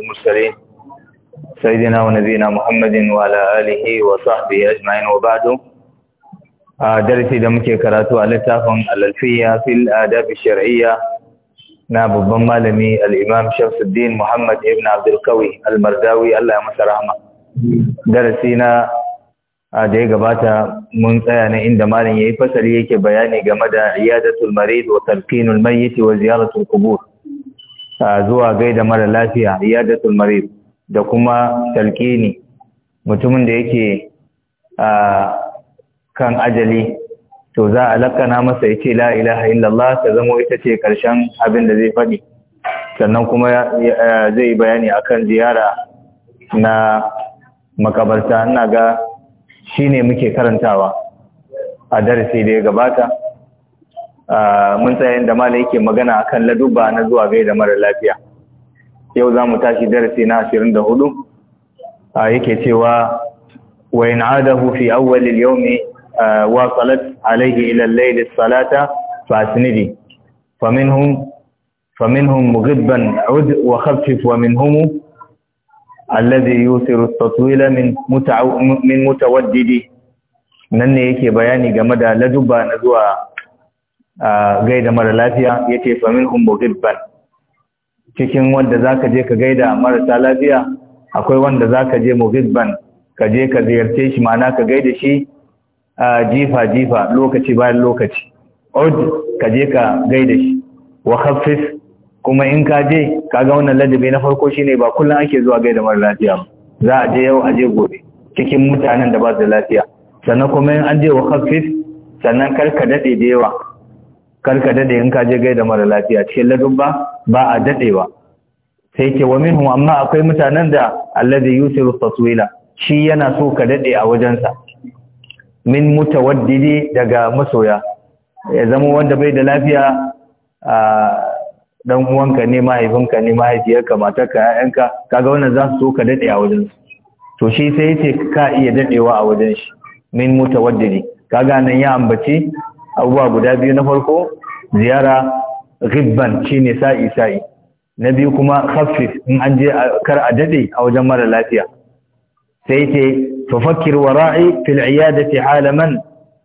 المرسلين سيدنا ونبينا محمد وعلى آله وصحبه أجمعين وبعد درسي da muke karatu a littafin al-alfiya fil adab shariyya na babban malami al-imam Shamsuddin Muhammad ibn Abdul Qawi al-Mardawi Allah ya rahma darasi na da ya gabata mun tsaya ne inda ya yi fasali yake bayani game da iyadatul marid wa talqinul mayyit wa ziyaratul kubur. zuwa gaida mara lafiya iyadatul marid da kuma talqini mutumin da yake kan ajali to za a lakana masa yace la ilaha illallah ta zamo ita ce karshen abin da zai faɗi sannan kuma zai bayani akan ziyara na makabarta ina ga shine muke karantawa a darasi da ya gabata mun tsaye da mala yake magana a kan laduba na zuwa gaida mara lafiya yau za mu tashi darasi na ashirin da hudu yake cewa wayan adahu fi yau ne yawmi wa salat alayhi ila al-layl as-salata fa asnidi faminhum mu mughibban ud wa khaffif wa minhum alladhi yusiru at-tatwila min min mutawaddidi nan ne yake bayani game da laduba na zuwa gaida mara lafiya ya ce famin humbogibban cikin wanda za ka je ka gaida marasa lafiya akwai wanda za ka je mugibban ka je ka ziyarce shi mana ka gaida shi jifa-jifa lokaci bayan lokaci od ka je ka gaida shi wa kuma in ka je ka ga wannan ladabi na farko shi ne ba kullum ake zuwa gaida mara lafiya ba za a je yau a je gobe cikin mutanen da ba su da lafiya sannan kuma in an je wa sannan kar ka daɗe da yawa karka dade in ka je gaida mara lafiya cikin ladun ba ba a dadewa sai ke wa minhu amma akwai mutanen da alladhi yusiru taswila shi yana so ka dade a wajensa min mutawaddidi daga masoya ya zama wanda bai da lafiya a dan uwanka ne mahaifinka ne mahaifiyarka matarka ƴaƴanka kaga wannan za su so ka dade a wajensu to shi sai yace ka iya dadewa a wajen shi min mutawaddidi kaga nan ya ambaci abubuwa guda biyu na farko ziyara ribban shi ne sa'i sa'i na biyu kuma hafif in an je kar a dade a wajen mara lafiya sai ce fafakkir wara'i fil iyadati halaman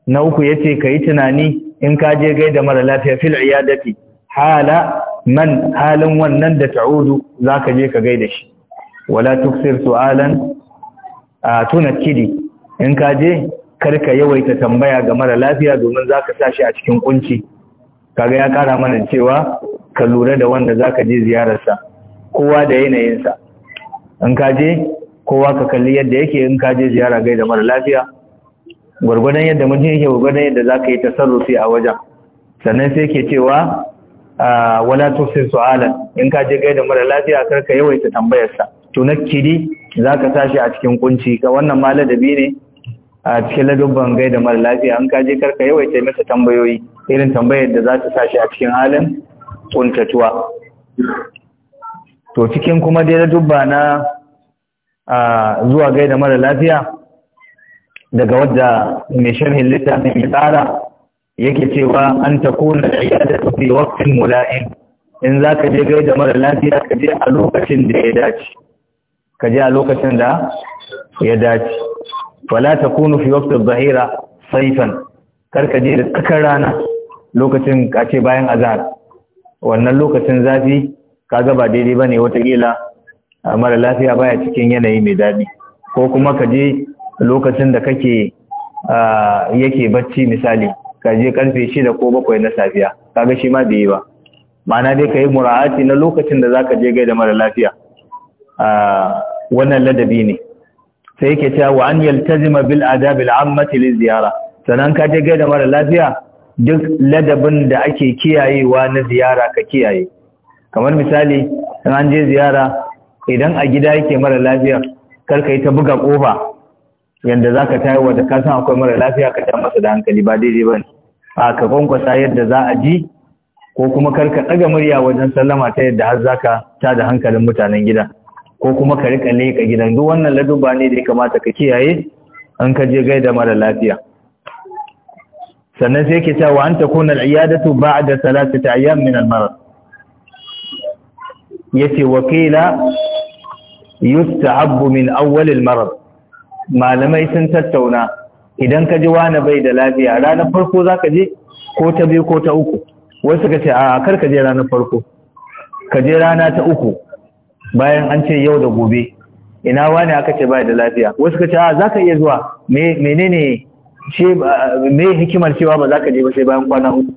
na uku yace kai tunani in ka je da mara lafiya fil iyadati hala man halin wannan da ta'udu zaka je ka gaida shi wala tuksir su'alan tunakkidi in ka je karka yawaita tambaya ga mara lafiya domin za ka sashi a cikin kunci kaga ya kara mana cewa ka lura da wanda za ka je ziyararsa kowa da yanayinsa in ka je kowa ka kalli yadda yake in ka je ziyara gai da mara lafiya gwargwadon yadda mutum yake gwargwadon yadda za ka yi ta tasarrufi a wajen sannan sai ke cewa ah, wala tufsir su'alan in ka je gai da mara lafiya kar ka yawaita tambayarsa tunakkiri za ka shi a cikin kunci ka wannan ma ladabi ne a cikin ladubban gai da mara lafiya an kaje karka yawaita masa tambayoyi irin tambayar da za ta sa shi a cikin halin kuntatuwa to cikin kuma dai ladubba na zuwa gai da mara lafiya daga wadda mai sharhin littafin mai tsara yake cewa an ta kona da tafi waqtin mula'in in za ka je gai da mara lafiya ka je ka je a lokacin da ya dace fala takunu fi waqti adh-dhahira sayfan karka je da tsakar rana lokacin kace bayan azhar wannan lokacin zafi kaga ba daidai bane watakila mara lafiya baya cikin yanayi mai daɗi ko kuma ka je lokacin da kake yake bacci misali ka je karfe shida ko bakwai na safiya kaga shi ma bai yi ba ma'ana dai ka yi mura'ati na lokacin da za ka je gaida mara lafiya wannan ladabi ne sai yake cewa wa an yaltazima bil adab al ammati li ziyara sanan ka je gaida mara lafiya duk ladabin da ake kiyayewa na ziyara ka kiyaye kamar misali in an je ziyara idan a gida yake mara lafiya kar ka ta buga kofa yanda zaka tayi wa da ka san akwai mara lafiya ka ta masa da hankali ba daidai bane a ka kwankwasa yadda za a ji ko kuma kar ka daga murya wajen sallama ta yadda har zaka ta da hankalin mutanen gida ko kuma ka rika leka gidan duk wannan laduba ne da ya kamata ka kiyaye an ka je gaida mara lafiya sannan sai ke cewa an kuna al'iyadatu ba'da ta ayyam min al-marad yace wakila yustahabbu min awwal al-marad malamai sun tattauna idan ka ji wani bai da lafiya ranar farko zaka je ko ta biyu ko ta uku wasu ka ce a kar ka je ranar farko ka je rana ta uku bayan an ce yau da gobe ina wani aka ce bai da lafiya wasu ka ce a ka iya zuwa menene ce me hikimar cewa ba za ka je ba sai bayan kwana uku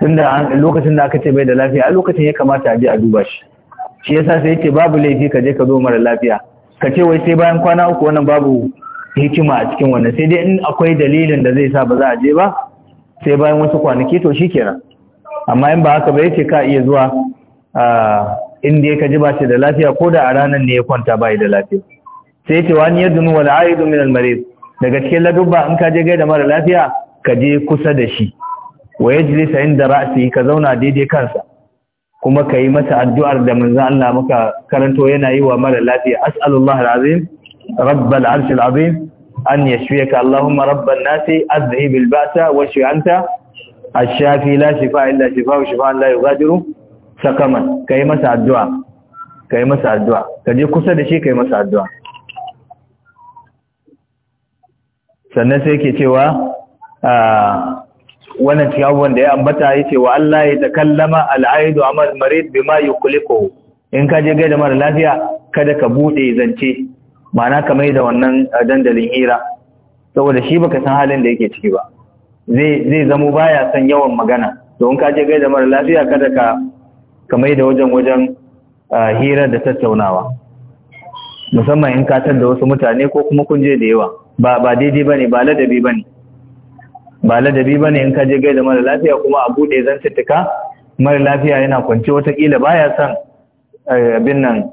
tunda lokacin da aka ce bai da lafiya a lokacin ya kamata a je a duba shi shi yasa sai yake babu laifi ka je ka zo mara lafiya ka ce wai sai bayan kwana uku wannan babu hikima a cikin wannan sai dai in akwai dalilin da zai sa ba za a je ba sai bayan wasu kwanaki to shikenan amma in ba haka ba yace ka iya zuwa a ah, inda ya ji ba shi da lafiya ko da a ranar ne ya kwanta ba da lafiya sai ce wani ya dunu wani ayi min al daga cikin ladubba in ka je da mara lafiya ka je kusa da shi wa yajlisa da ra'si ka zauna daidai kansa kuma ka yi masa addu'ar da manzan Allah maka karanto yana yi wa mara lafiya as'alullah alazim rabbal arsh alazim an yashfiyaka allahumma rabban nasi azhib al ba'sa wa shi'anta الشافي لا شفاء إلا شفاء وشفاء لا sakaman ka yi masa addu'a ka yi masa addu'a ka je kusa da shi ka yi masa addu'a sannan sai ke cewa ah, wannan cikin abubuwan da ya ambata ya ce wa Allah ya ta kallama al'aidu a marid bima yi kuliko in ka je da mara lafiya kada ka buɗe zance mana ka mai da wannan dandalin hira saboda shi baka san halin da yake ciki ba zai zamo baya san yawan magana to in ka je da mara lafiya kada ka kamar da wajen wajen hira da tattaunawa musamman in katar da wasu mutane ko kuma kun je da yawa ba ba daidai bane ba ladabi bane ba ladabi bane in ka je gaida mara lafiya kuma a bude zantuttuka mara lafiya yana kwance watakila baya san abin nan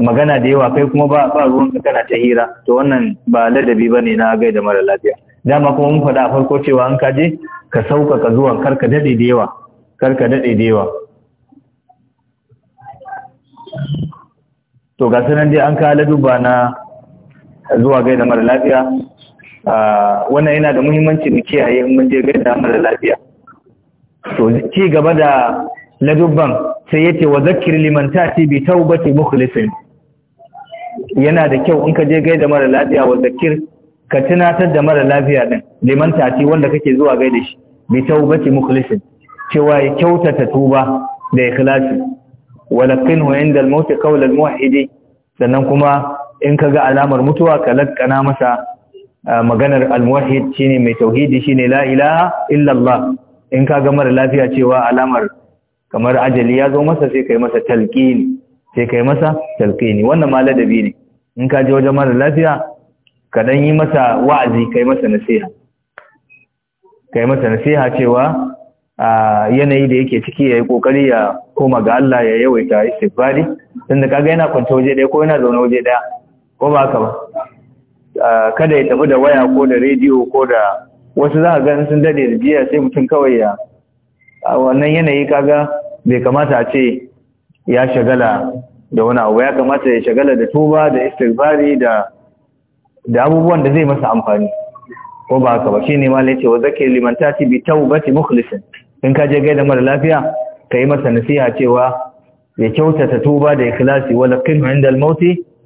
magana da yawa kai kuma ba ba ruwan kana ta hira to wannan ba ladabi bane na gaida mara lafiya dama kuma mun faɗa a farko cewa an je ka sauƙaƙa zuwa karka daɗe da yawa karka daɗe da yawa to ga sanan dai an kala duba na zuwa gaida mara lafiya wannan yana da muhimmanci mu kiyaye mun je gaida mara lafiya to ci gaba da ladubban sai yace wa zakkir liman tati bi taubati mukhlisin yana da kyau in ka je gaida mara lafiya wa zakir ka tunatar da mara lafiya din liman tati wanda kake zuwa gaida shi bi taubati mukhlisin cewa ya kyautata tuba da ikhlasi walaqinhu inda al-maut qawl al-muwahhid sannan kuma in kaga alamar mutuwa ka lakkana masa maganar al-muwahhid shine mai tauhidi shine la ilaha illa Allah in kaga mara lafiya cewa alamar kamar ajali ya zo masa sai kai masa talqini sai kai masa talqini wannan ma ladabi ne in ka je wajen mara lafiya ka dan yi masa wa'azi kai masa nasiha kai masa nasiha cewa yanayi da yake ciki yayi kokari ya koma ga Allah ya yawaita istighfari tunda kaga yana kwanta waje daya ko yana zaune waje daya ko ba haka ba kada ya tafi da waya ko da rediyo ko da wasu za a sun dade da jiya sai mutum kawai ya a wannan yanayi kaga bai kamata a ce ya shagala da wani abu ya kamata ya shagala da tuba da istighfari da da abubuwan da zai masa amfani ko ba haka ba shine ce wa zakir limantati bi tawbati mukhlisin in ka je gaida mara lafiya kai masa nasiha cewa ya kyautata tuba da ikhlasi wala qim inda al-maut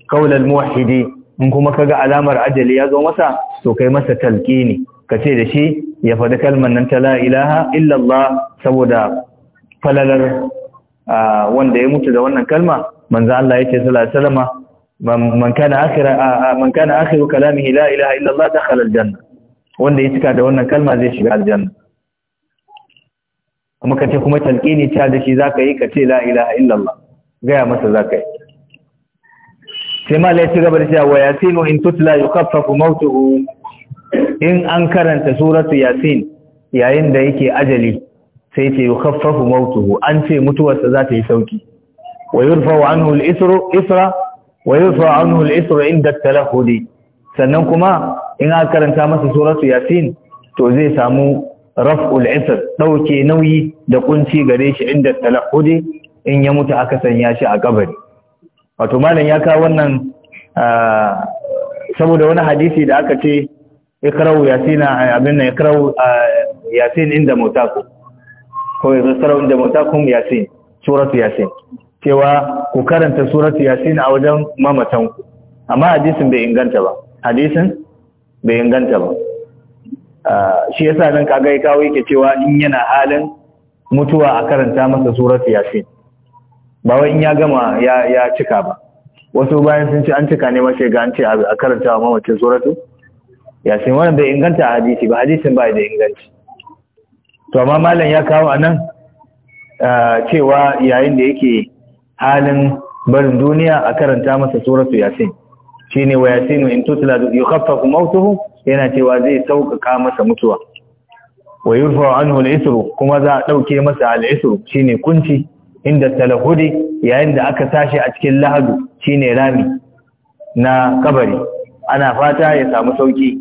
qawl al-muwahhidi in kuma kaga alamar ajali ya zo masa to kai masa talqini kace da shi ya faɗi kalmar nan ta la ilaha illa Allah saboda falalar wanda ya mutu da wannan kalma manzo Allah yace sallallahu alaihi wasallam man kana akhira man kana akhiru kalamihi la ilaha illa Allah dakhala al wanda ya cika da wannan kalma zai shiga aljanna muka ce kuma talqini ta da shi zaka yi ka ce la ilaha illallah gaya masa zaka yi sai ma lai cigaba da cewa yasin in tutla yukaffafu mautuhu in an karanta suratu yasin yayin da yake ajali sai ce yukaffafu mautuhu an ce mutuwarsa za ta yi sauki wa yurfa'u anhu isra wa yurfa'u anhu al inda talahudi sannan kuma in an karanta masa suratu yasin to zai samu raf'ul isr dauke nauyi da kunci gare shi inda talahudi in ya mutu aka sanya shi a kabari wato malam ya kawo wannan saboda wani hadisi da aka ce ikrau yasina abin nan ikrau yasin inda mutaku ko ikrau inda mutakum yasin suratu yasin cewa ku karanta suratu yasin a wajen mamatan ku. amma hadisin bai inganta ba hadisin bai inganta ba Ah, shi yasa nan kaga ya kawo yake cewa in yana halin mutuwa a karanta masa suratu yasin ba wai in ya gama ya ya cika ba wasu bayan sun ce an cika ne mace ga an ce a karanta wa mamacin suratu yasin wannan bai inganta a hadisi ba hadisin ba da inganci to amma malam ya kawo anan ah, cewa yayin da yake halin barin duniya a karanta masa suratu yasin shine wa yasinu in tutla yukhaffafu mautuhu yana cewa zai sauƙaƙa masa mutuwa wa yurfa anhu al-isru kuma za a dauke masa al shi shine kunci inda talahudi yayin da aka tashi a cikin lahadu shine rami na kabari ana fata ya samu sauki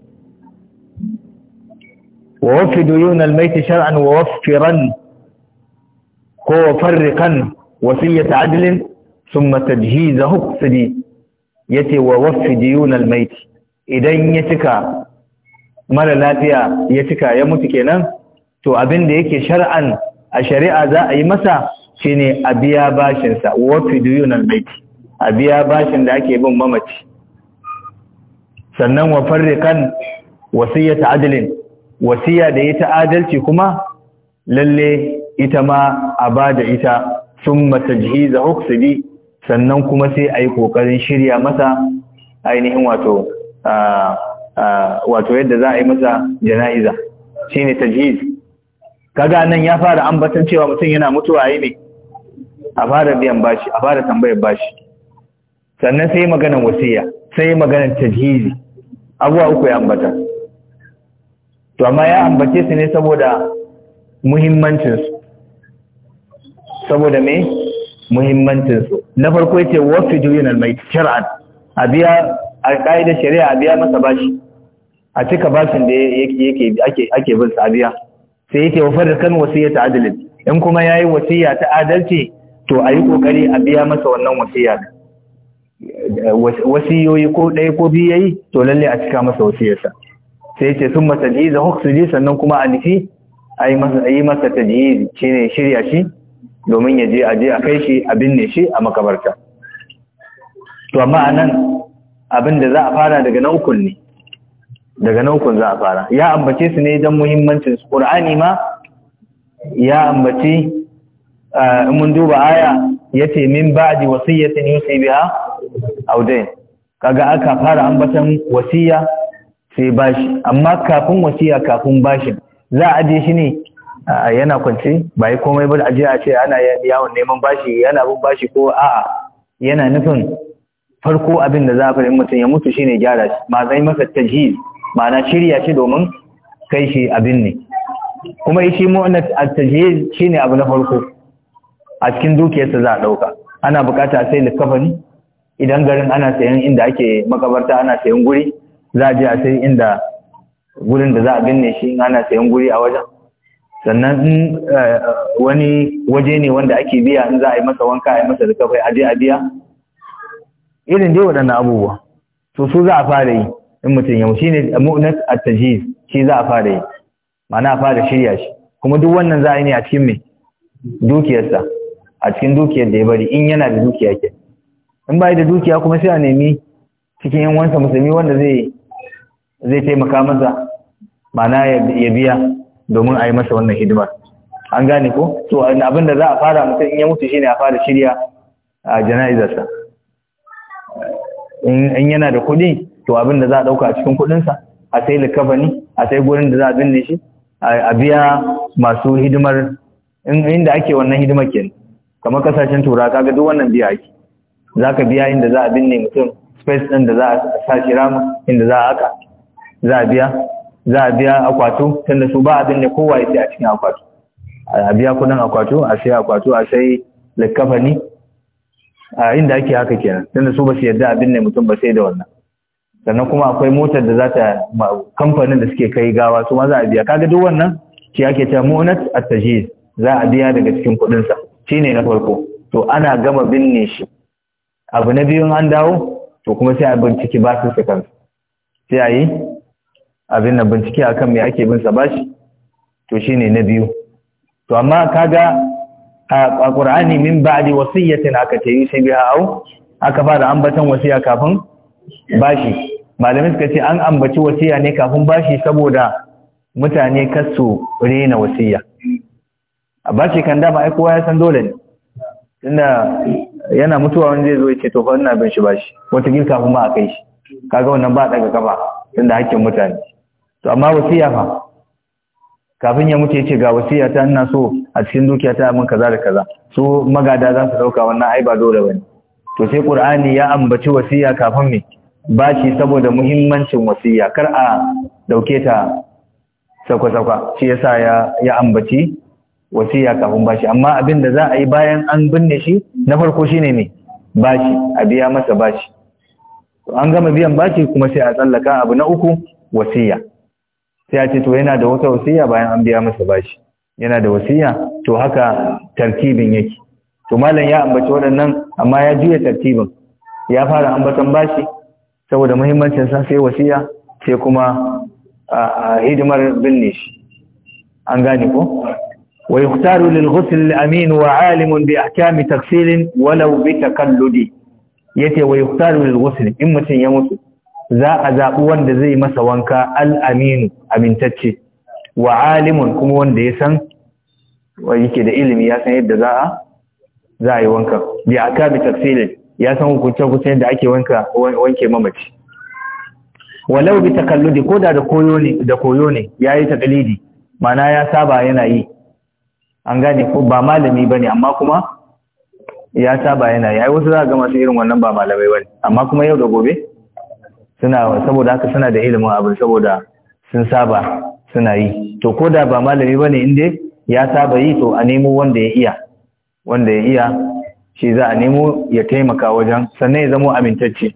wa wafi duyun al-maiti shar'an wa wafiran ko farrikan wasiyyata adlin thumma tajhizahu sidi yace wa waffi diyunal mait idan ya cika mara lafiya ya cika ya mutu kenan to abin da yake shari'an a shari'a za a yi masa shine a biya bashin sa waffi diyunal a biya bashin da ake bin mamaci sannan wa farriqan wasiyata adalin wasiya da ta adalci kuma lalle ita ma a bada ita summa tajhiza uqsidi sannan kuma sai a yi ƙoƙarin shirya masa ainihin wato wato yadda za a yi masa jana'iza shi ne tajiz kaga nan ya fara ambatan cewa mutum yana mutuwa yi ne a fara biyan bashi a fara tambayar bashi sannan sai maganan wasiya sai ta tajizi abuwa uku ya ambata to amma ya ambace su ne saboda muhimmancinsu saboda me muhimmancinsu na farko yace wafi juyin almai shar'an a biya a ƙa'idar shari'a a biya masa bashi a cika bashin da yake ake ake bin sa biya sai yake wafar da kan wasiyya ta adalin. in kuma yayi wasiyya ta adalci to a yi kokari a biya masa wannan wasiyya wasiyoyi ko ɗaya ko biyu yayi to lalle a cika masa wasiyarsa sai yace sun masa jiza huksuji sannan kuma a nufi a yi masa tajiyi shine shirya shi domin ya je a je a kai shi a binne shi a makabarta to amma nan abin da za a fara daga naukun ne daga naukun za a fara ya ambace su ne don muhimmancin su ƙura'ani ma ya ambace in mun duba aya ya ce min ba'di wasiyatin yusi biya a dayn kaga aka fara ambatan wasiya sai bashi amma kafin wasiya kafin bashin za a je shi ne yana kwance ba yi komai ba ajiya a ce ana yawon neman bashi yana bin bashi ko a'a yana nufin farko abin da za a fari mutum ya mutu ne gyara shi ma zai masa ta ma ma'ana shirya shi domin kai shi abin ne kuma shi ta ji shi ne abu na farko a cikin dukiyarsa za a dauka ana bukata sai likafani idan garin ana sayan inda ake makabarta ana sayan guri za a je a sai inda gurin da za a binne shi ana sayan guri a wajen sannan in eh, wani waje ne wanda ake biya in za a yi masa wanka a yi masa rikafai a je a biya irin dai waɗannan abubuwa to su za a fara yi in mutum ya shi ne mu'nat at-tajhiz shi za a fara yi ma'ana a fara shirya shi kuma duk wannan za a yi ne a cikin me dukiyarsa a cikin dukiyar da ya bari in yana da dukiya ke in ba da dukiya kuma sai a nemi cikin yan wansa musulmi wanda zai zai taimaka masa ma'ana ya biya domin a yi masa wannan hidimar an gane ko to abin da za a fara mutum in ya mutu shine a fara shirya a jana'izarsa in yana da kuɗi to abin da za a ɗauka a cikin kuɗinsa a sai likafani a sai gurin da za a binne shi a biya masu hidimar inda ake wannan hidimar kenan kamar kasashen tura ga duk wannan biya ake za ka biya inda za a binne mutum space ɗin da za a sa shi rama inda za a aka za a biya za a biya akwatu tunda su ba abin da kowa ya a cikin akwatu a biya kudin akwatu a sai akwatu a sai likafani a inda ake haka kenan tunda su ba su yarda abin da mutum ba sai da wannan sannan kuma akwai motar da za ta kamfanin da suke kai gawa su ma za a biya kaga duk wannan shi ake ta mu'nat at-tajhiz za a biya daga cikin kudin sa shine na farko to ana gama binne shi abu na biyun an dawo to kuma sai a binciki ba su sai a yi abin da bincike akan me ake bin sa bashi to shine na biyu to amma kaga a Qur'ani min ba'di wasiyatin aka ce yi sai biha au aka fara ambaton wasiya kafin bashi malamai suka ce an ambaci wasiya ne kafin bashi saboda mutane kasu rena wasiya a bashi kan dama ai kowa ya san dole ne tunda yana mutuwa wani zai zo ya ce to fa ina bin shi bashi wata kafin ma a kai shi kaga wannan ba daga kafa tunda hakkin mutane to amma wasiya fa kafin ya mutu yace ga wasiya ta ina so a cikin dukiya ta mun kaza da kaza su magada za su dauka wannan ai ba dole bane to sai qur'ani ya ambaci wasiya kafin me bashi saboda muhimmancin wasiya kar a dauke ta sako sako shi yasa ya ya ambaci wasiya kafin bashi amma abin da za a yi bayan an binne shi na farko shine ne bashi a biya masa bashi an gama biyan bashi kuma sai a tsallaka abu na uku wasiya sai a ce to yana da wata wasiya bayan an biya masa bashi yana da wasiya to haka tartibin yake to malam ya ambaci waɗannan amma ya juya tartibin ya fara ambatan bashi saboda muhimmancin sa sai wasiya sai kuma hidimar binne shi an gane ko wa yukhtaru lil ghusl amin wa alimun bi ahkami tafsil walau bi takalludi yace wa yukhtaru lil ghusl in mutum ya mutu za a zaɓi wanda zai masa wanka al'aminu amintacce wa alimun kuma wanda ya san wa yake da ilimi ya san yadda za a za a yi wanka bi a kabi tafsilin ya san hukuncin kusa yadda ake wanke mamaci walau bi takalludi ko da da koyo ne da koyo ne mana ya saba yana yi an gane ko ba malami ba ne, amma kuma ya saba yana yi ai wasu za a gama su irin wannan ba malamai ne, amma kuma yau da gobe suna saboda haka suna da ilimin abin saboda sun saba suna yi to ko da ba malami bane inda ya saba yi to a nemo wanda ya iya wanda ya iya shi za a nemo ya taimaka wajen sannan ya zamo amintacce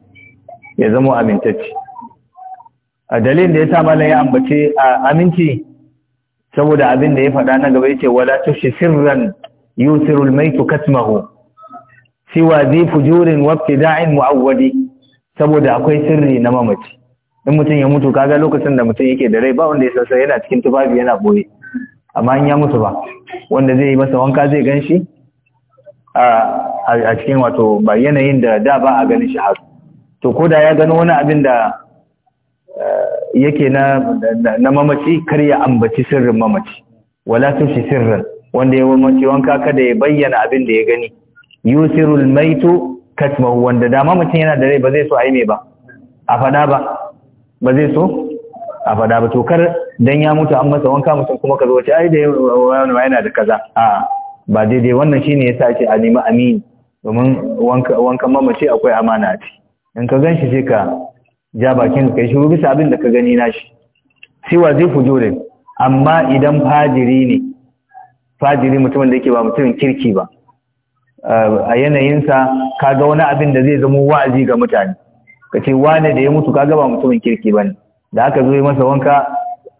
ya zamo amintacce a dalilin da ya sa malami ya ambace a aminci saboda abin da ya faɗa na gaba yace wala tushi sirran yusirul maitu katmahu siwa zi fujurin wa ibtida'in mu'awwadi saboda akwai sirri na mamaci in mutum ya mutu kaga lokacin da mutum yake da rai ba wanda ya sassa yana cikin tufafi yana boye amma in ya mutu ba wanda zai yi masa wanka zai gan shi a cikin wato ba yanayin da da ba a ganin shi haka to ko da ya gano wani abin da eh, yake na mamaci kar ya ambaci sirrin mamaci wala shi sirrin wanda ya mamaci wanka kada ya bayyana abin da ya gani yusirul maitu katmahu wanda dama mutum yana da rai ba zai so a yi mai ba a fada ba ba zai so a fada ba tokar don dan ya mutu an masa wanka mutum kuma ka zo ce ai da yana da kaza a ba daidai wannan shine yasa ce a nemi Amini, domin wankan mamaci akwai amana a ci. in ka ganshi sai ka ja bakin ka shiru bisa abin da ka gani nashi sai wa zai fujurin amma idan fajiri ne fajiri mutumin da yake ba mutumin kirki ba a yanayinsa ga wani abin da zai zama wa'azi ga mutane ka ce wane da ya mutu kaga ba mutumin kirki bane da aka zo yi masa wanka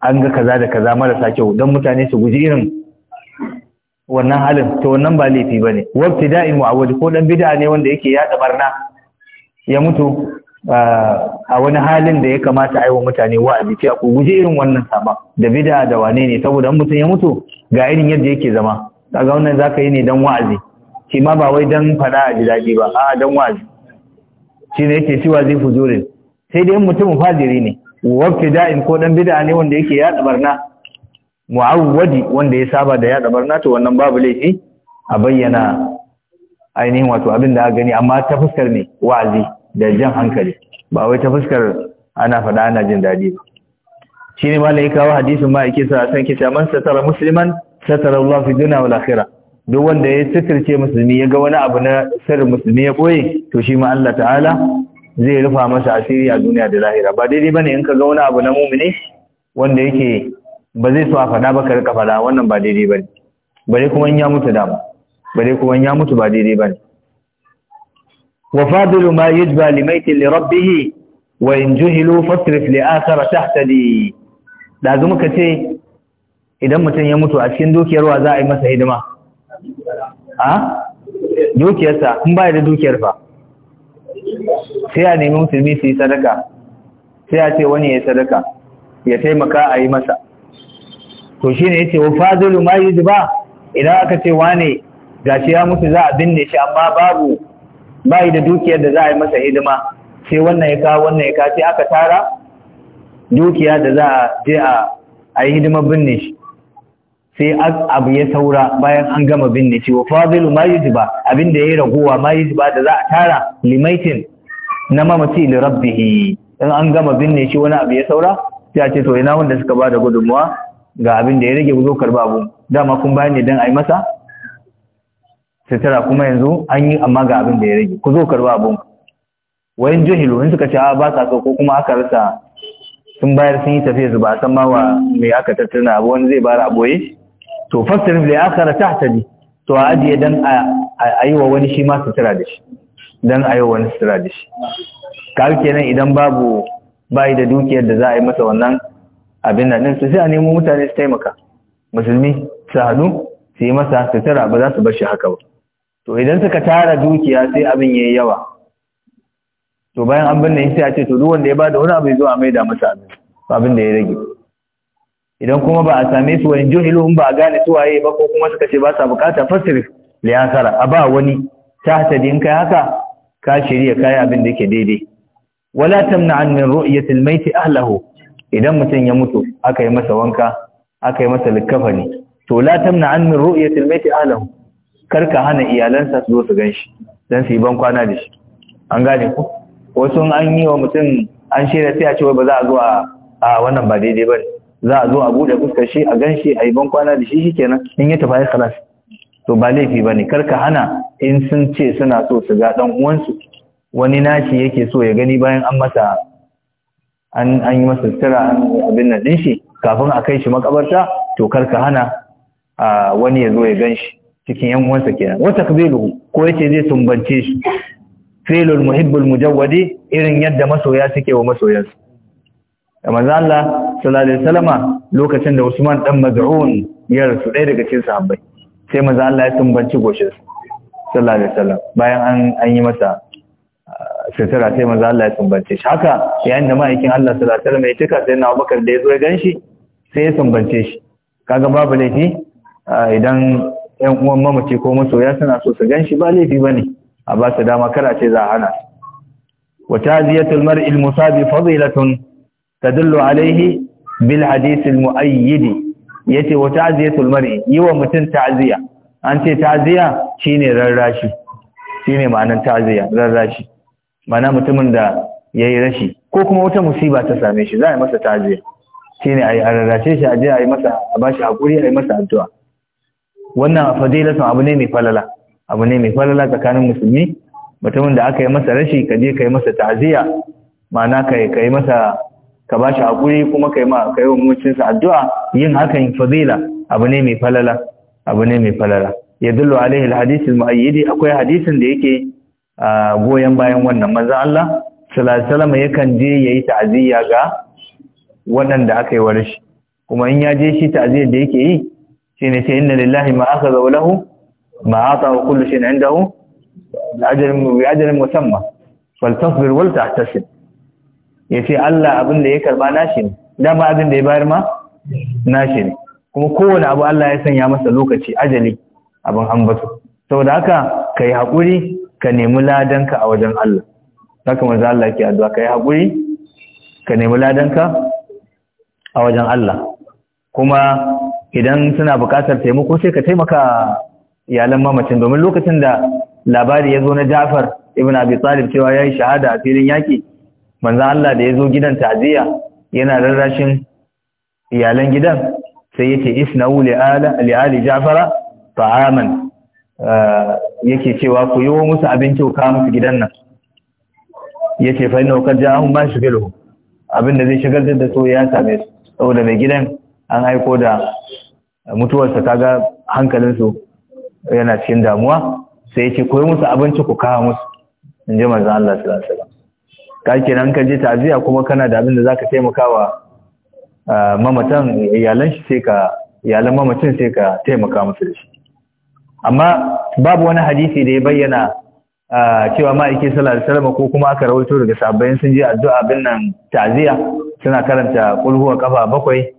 an ga kaza da kaza marasa kyau don mutane su guji irin wannan halin to wannan ba laifi bane wabti da'in mu'awwad ko dan bid'a ne wanda yake yada barna ya mutu a wani halin da ya kamata aiwa mutane wa'azi ce ku guji irin wannan saba da bid'a da wane ne saboda mutum ya mutu ga irin yadda yake zama kaga wannan zaka yi ne dan wa'azi shi ma ba wai don fada a ji daɗi ba a don wazi shi ne yake cewa zai fujurin sai dai mutumin fajiri ne wafi da'in ko dan bida ne wanda yake yaɗa barna mu'awwadi wanda ya saba da yaɗa barna to wannan babu laifi a bayyana ainihin wato abin da aka gani amma ta fuskar ne wa'azi da jan hankali ba wai ta fuskar ana faɗa ana jin daɗi ba shi ne malai kawo hadisin ma a sa san kita man satara musliman satara Allah fi dunya wal akhirah duk wanda ya sitirce musulmi ya ga wani abu na sirrin musulmi ya boye to shi ma Allah ta'ala zai rufa masa asiri a duniya da lahira ba daidai bane in ka ga wani abu na mumini wanda yake ba zai so a faɗa ba ka rika faɗa wannan ba daidai bane bare kuma in ya mutu da. Ba bare kuma in ya mutu ba daidai bane wa fadilu ma yajba mayti li rabbih wa in juhilu fatrif li akhar tahtadi da zuma ce idan mutum ya mutu a cikin dukiyar wa za a yi masa hidima a dukiyarsa in ba da dukiyar fa sai a nemi musulmi su yi sadaka sai a ce wani ya sadaka ya taimaka a yi masa to shi ne ya ce wa fazilu ma yi ba idan aka ce wane shi ya mutu za a binne shi amma babu ba yi da dukiyar da za a yi masa hidima sai wannan ya kawo wannan ya kawo sai aka tara dukiya da za a je a yi hidimar binne shi sai abu ya saura bayan an gama binne shi wa fadilu ma ziba abinda ya yi raguwa ma yi ziba da za a tara limaitin na mamaci da rabbi. in an gama binne shi wani abu ya saura sai a ce to ina wanda suka ba da gudunmuwa ga abinda ya rage zo karba abu dama kun bayan ne a yi masa sutura kuma yanzu an yi amma ga abinda ya rage ku zo karba abun wayan jihilu in suka ce a ba sa so ko kuma aka rasa sun bayar sun yi tafiya su ba san ma wa me aka tattauna abu wani zai bara aboye to fasirif li ta tahtali to a ajiye don a yi wa wani shi ma sutura da shi don a yi wa wani sutura da shi kawai nan idan babu bayi da dukiyar da za a yi masa wannan abin da su sai a nemo mutane su taimaka musulmi su haɗu su yi masa sutura ba za su bar shi haka ba to idan suka tara dukiya sai abin ya yi yawa to bayan an binne sai a ce to duk wanda ya bada wani abu ya zo a maida masa abin da ya rage idan kuma ba a same su wani juhilu ba a gane su waye ba ko kuma suka ce ba sa bukata fasirif liyasara a ba wani ta hasadi in kai haka ka shirya kayi abin da yake daidai wala tamna an min ru'yati almayti ahlihi idan mutum ya mutu aka yi masa wanka aka yi masa likafani to la tamna an min ru'yati almayti ahlihi karka hana iyalansa su zo su ganshi dan su yi ban kwana da shi an gane ku wasu an yi wa mutum an shirya sai a ce ba za a zo a wannan ba daidai bane za a zo a buɗe fuskar shi a gan shi a yi ban kwana da shi kenan in ya tafi ya to ba laifi ba ne ka hana in sun ce suna so su ga ɗan uwansu wani nashi yake so ya gani bayan an masa an yi masa sutura an abin nan ɗin shi kafin a kai shi makabarta to karka hana wani ya zo ya gan shi cikin yan uwansa kenan wata kabilu ko yace zai sumbance shi filul muhibbul mujawwadi irin yadda masoya suke wa masoyansu manzo Allah sallallahu alaihi wasallama lokacin da Usman dan Maz'un ya rasu ɗaya daga cikin sahabbai sai manzo Allah ya tumbanci goshin sallallahu alaihi wasallam bayan an an yi masa ah, sutura sai manzo Allah ya tumbance shi haka yayin da ma'aikin Allah sallallahu alaihi wasallam ya tuka sai na Abubakar da ya zo ya ganshi sai ya tumbance shi kaga babu laifi ah, idan ƴan uwan mamaci ko masoya suna so su ganshi ba laifi bane a ba su dama kar a ce za a hana wa taziyatul mar'il musabi fadilatun tadullu alaihi bil hadith al muayyid yace wa ta'ziyatul mar'i yi wa mutun ta'ziya an ce ta'ziya shine rarrashi shine ma'anar ta'ziya rarrashi ma'ana mutumin da yayi rashi ko kuma wata musiba ta same shi za a yi masa ta'ziya shine ayi rarrace shi a je ayi masa a bashi hakuri ayi masa addu'a wannan fadilatu abu ne mai falala abu ne mai falala tsakanin musulmi mutumin da aka yi masa rashi ka je ka yi masa ta'ziya ma'ana ka yi masa ka ba shi hakuri kuma kai ma kai wa mutuncinsa addu'a yin hakan fadila abu ne mai falala abu ne mai falala yadullu alaihi alhadith almu'ayyidi akwai hadisin da yake goyen bayan wannan manzo Allah sallallahu alaihi wasallam yakan je yayi ta'aziyya ga waɗanda aka yi wa rashi kuma in ya je shi ta'aziyyar da yake yi shine sai inna lillahi ma akhadha wa lahu ma atahu kullu shay'in indahu bi ajalin musamma faltasbir wal tahtasib ya ce Allah abin da ya karba nashi ne dama abin da ya bayar ma nashi ne kuma kowane abu Allah ya sanya masa lokaci ajali abin ambato saboda haka ka yi haƙuri ka nemi ladanka a wajen Allah haka maza Allah ke addu'a ka yi haƙuri ka nemi ladanka a wajen Allah kuma idan suna buƙatar taimako sai ka taimaka iyalan mamacin domin lokacin da labari ya zo na Ja'far ibn Abi Talib cewa ya yi shahada a filin yaki manzo Allah da ya zo gidan ta'aziyya yana rarrashin iyalan gidan sai yake isna'u li ali ja'fara ta'aman ah, yake cewa ku yi musu abinci ku kawo musu gidan nan yace fa inna qad ja'ahum ma abinda zai shigar da so ya same su saboda mai gidan an aiko da mutuwarsa kaga hankalinsu yana cikin damuwa sai yace ku yi musu abinci ku kawo musu inji manzo Allah sallallahu alaihi wasallam ka kenan ka je ta'aziya kuma kana da abin da zaka taimaka wa mamatan iyalan shi sai ka iyalan mamacin sai ka taimaka musu da shi amma babu wani hadisi da ya bayyana cewa ma'aiki sallallahu alaihi wasallam ko kuma aka rawaito daga sabbin sun je addu'a bin nan ta'ziya suna karanta kulhuwa kafa bakwai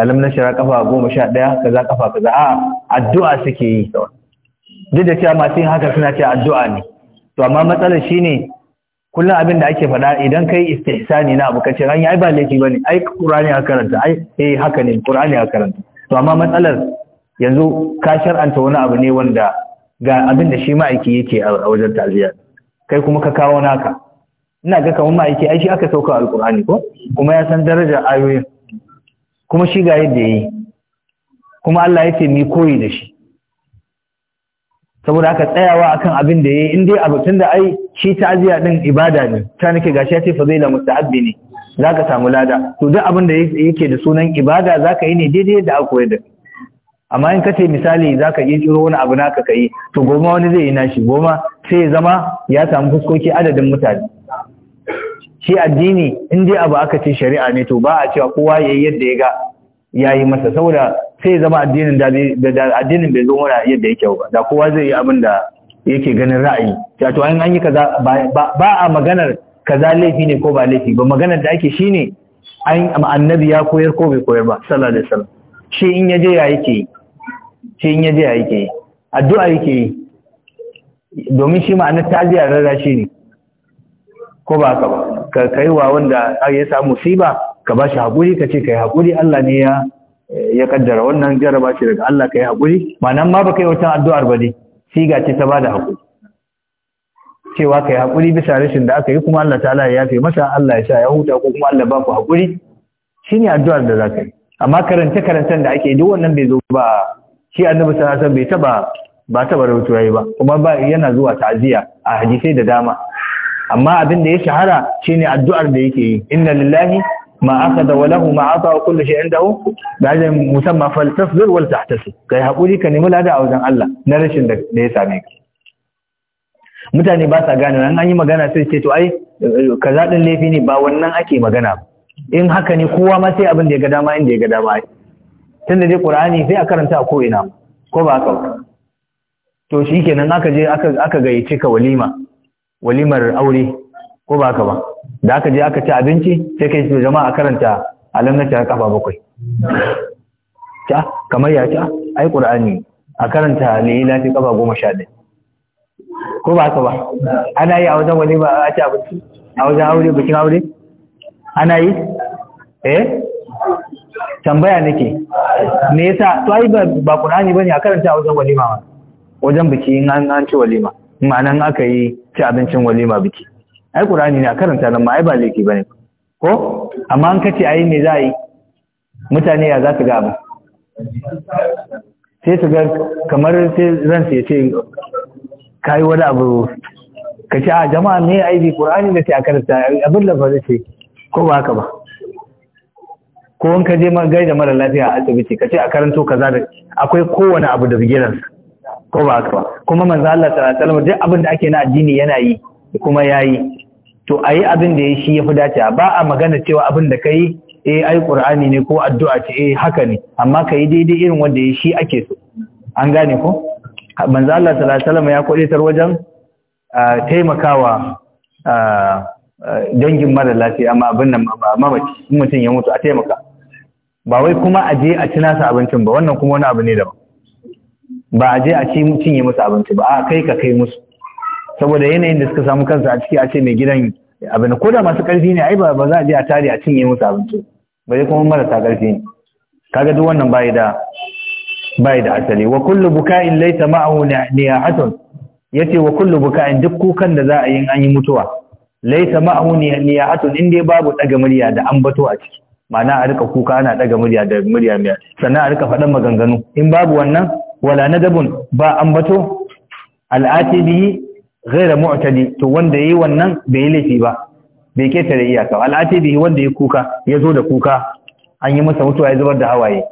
alam na shara kafa goma sha ɗaya kaza kafa kaza a addu'a suke yi duk da cewa masu yin haka suna cewa addu'a ne to amma matsalar shine kullum abin da ake faɗa idan kai istihsani na abu kace ran ai ba laifi bane ai qur'ani aka karanta ai eh haka ne qur'ani aka karanta to amma matsalar yanzu ka shar'anta wani abu ne wanda ga abin da shi ma'aiki yake a wajen ta'aziyya kai kuma ka kawo naka ina ga kamar ma'aiki ai shi aka sauka alqur'ani ko kuma ya san darajar ayoyin kuma shi ga yadda yi. kuma Allah ya ce mi koyi da shi saboda aka tsayawa akan abin da yayi in abu tunda ai shi ta ta'aziya din ibada ne ta nake gashi ya ce fadila musta'abbi ne zaka samu lada to duk abin da yake da sunan ibada zaka yi ne daidai da aka koyar da amma in kace misali zaka yi jiro wani abu naka kai to goma wani zai yi nashi goma sai ya zama ya samu fuskoki adadin mutane shi addini in abu aka ce shari'a ne to ba a cewa kowa yayi yadda ya ga ya yi masa saboda sai zama addinin da addinin bai zo mana yadda ya kyau ba da kowa zai yi abin da yake ganin ra'ayi ta to an yi kaza ba a maganar kaza laifi ne ko ba laifi ba maganar da ake shine an annabi ya koyar ko bai koyar ba sallallahu alaihi wasallam shi in yaje ya yake shi in yaje ya yake addu'a yake domin shi ma'anar taziya rarra shi ne ko ba ka ba ka kai wa wanda ya samu musiba ka ba shi haƙuri ka ce ka yi haƙuri Allah ne ya ƙaddara wannan jaraba ce daga Allah ka yi haƙuri ma'anan ma ba ka yi wata addu'ar ba ne siga ce ta ba da haƙuri cewa ka yi haƙuri bisa rashin da aka yi kuma Allah ta'ala ya fi masa Allah ya sa ya huta ko kuma Allah ba ku haƙuri ne addu'ar da za ka yi amma karanta karantan da ake duk wannan bai zo ba shi annabi sallallahu alaihi wasallam bai taba ba taba rubutu ba kuma ba yana zuwa ta'ziya a sai da dama amma abin da ya shahara shine addu'ar da yake yi inna lillahi ma aka da walahu ma aka wa kullu shi inda da ajin musamman faltasbir wal tahtasi kai hakuri ka nemi lada a wajen Allah na rashin da ya same ki mutane ba sa gane nan an yi magana sai ce to ai kaza din laifi ne ba wannan ake magana in haka ne kowa ma sai abin da ya ga dama inda ya ga dama ai tunda dai Qur'ani sai a karanta a ko ina ko ba haka to shikenan aka je aka aka gayyace ka walima walimar aure ko ba ka ba da aka je aka ci abinci sai kai to jama'a karanta alam na tara kafa bakwai ta kamar ya ta ai qur'ani a karanta layla ta kafa goma sha ɗaya ko ba ka ba ana yi a wajen wani ba a ci abinci a wajen aure bikin aure ana yi eh tambaya nake me yasa to ai ba qur'ani bane a karanta a wajen walima wajen biki in an ci walima ma'anan aka yi ci abincin walima biki ai qur'ani ne a karanta nan ma ai ba laifi bane ko amma an kace ai me zai yi mutane ya za su ga abu sai su ga kamar sai ran sai ce kai wani abu ka ce a jama'a me bi qur'ani ne sai a karanta abin da ba zai ce ko ba haka ba ko in ka je ma da mara lafiya a asibiti ka ce a karanto kaza da akwai kowane abu da bigiran ko ba haka ba kuma manzo Allah ta'ala alaihi wasallam duk abin da ake na addini yana yi kuma yayi to a yi abin da ya shi ya fi dacewa ba a magana cewa abin da ka yi e ai ƙur'ani ne ko addu'a ce e haka ne amma ka yi daidai irin wanda ya shi ake so an gane ko manzo Allah sallallahu alaihi wasallam ya kodetar wajen taimakawa dangin mara lafiya amma abin nan ba mamaci mutum ya mutu a taimaka ba wai kuma a je a ci nasa abincin ba wannan kuma wani abu ne daban ba a je a ci cinye musu abinci ba a kai ka kai musu saboda yanayin da suka samu kansu a ciki a ce mai gidan abin ko da masu ƙarfi ne ai ba za a je a tare a cinye musu abinci ba dai kuma marasa ƙarfi ne kaga duk wannan bai da bai da asali wa kullu buka'in laysa ma'ahu niyahatun yace wa kullu buka'in duk kukan da za a yi an yi mutuwa laysa ma'ahu niyahatun in dai babu daga murya da ambato a ciki ma'ana a rika kuka ana daga murya da murya mai sannan a rika faɗan maganganu in babu wannan wala nadabun ba ambato al'ati bihi ghaira mu'tadi to wanda yayi wannan bai yi laifi ba bai da iyaka al'ati bi wanda ya kuka ya zo da kuka an yi masa mutuwa ya zubar da hawaye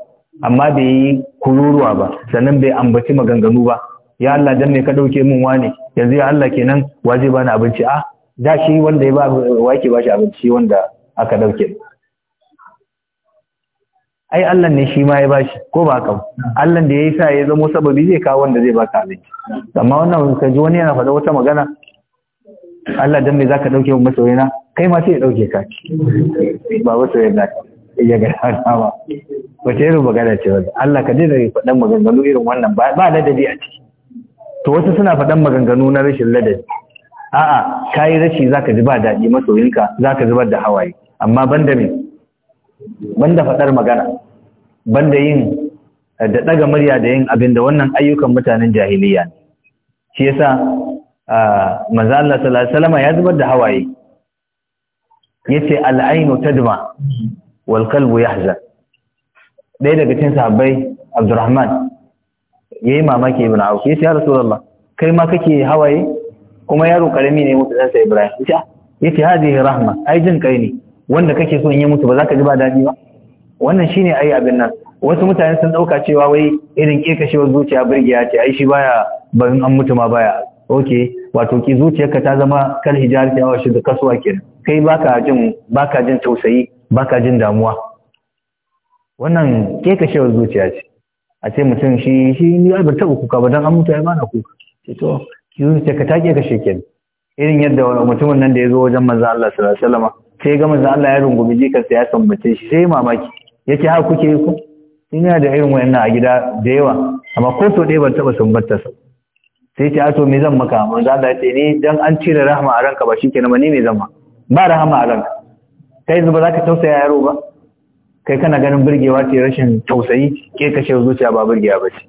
amma bai yi kururuwa ba sannan bai ambaci maganganu ba ya Allah dan me ka dauke min wane yanzu ya Allah kenan wa zai bani abinci a ah, da shi wanda ya ba wa ba shi abinci wanda aka dauke ai Allah ne shi ma ya bashi ko ba ka Allah da ya sa ya zama sababi zai kawo wanda zai baka abinci amma wannan ka ji wani yana faɗa wata magana Allah dan me zaka dauke mun masoyina kai ma sai ya dauke ka ba masoyin da ya ga dama ba ta irin magana ce wanda Allah ka daina faɗan maganganu irin wannan ba ladabi a ciki to wasu suna faɗan maganganu na rashin ladabi a'a kai rashi zaka ji ba daɗi masoyinka zaka zubar da hawaye amma banda me banda faɗar magana banda yin eh, da ɗaga murya da yin abinda wannan ayyukan mutanen jahiliya ne shi yasa manzo Allah sallallahu alaihi wasallam ya zubar da hawaye yace al-ainu tadma wal qalbu yahzan dai daga cikin sahabbai Abdurrahman yayi mamaki ibn Auf yace ya Rasulullah kai ma kake hawaye kuma yaro karami ne mutu Ibrahim yace ah. yace hadihi rahma ai jin kai ne wanda kake so in yi mutu ba za ka ji ba daɗi ba wannan shine yi abin nan wasu mutane sun ɗauka cewa wai irin ƙirƙashewar zuciya birgiya ce ai shi baya barin an mutu ma baya ok wato ki zuciyarka ta zama kal hijar ta yawa shi da kasuwa ke. kai baka jin baka jin tausayi baka jin damuwa wannan ƙirƙashewar zuciya ce a ce mutum shi shi ni ai ta taɓa kuka ba dan an mutu ai bana kuka ce to ki zuciyarka ta ƙirƙashe ke irin yadda mutumin nan da ya zo wajen manzo Allah sallallahu alaihi wasallam sai ga mazan Allah ya rungumi jikarsa ya tambace shi sai mamaki yace ha kuke yi ku ina da irin wayannan a gida da yawa amma ko so ɗaya ban taɓa sumbatta sa sai ce ato me zan maka amma Allah ya ce ni dan an cire rahama a ranka ba shikenan ba ni me zan ma ba rahama a ranka kai yanzu ba za ka tausaya yaro ba kai kana ganin burgewa ce rashin tausayi ke kashe zuciya ba burgewa ba ce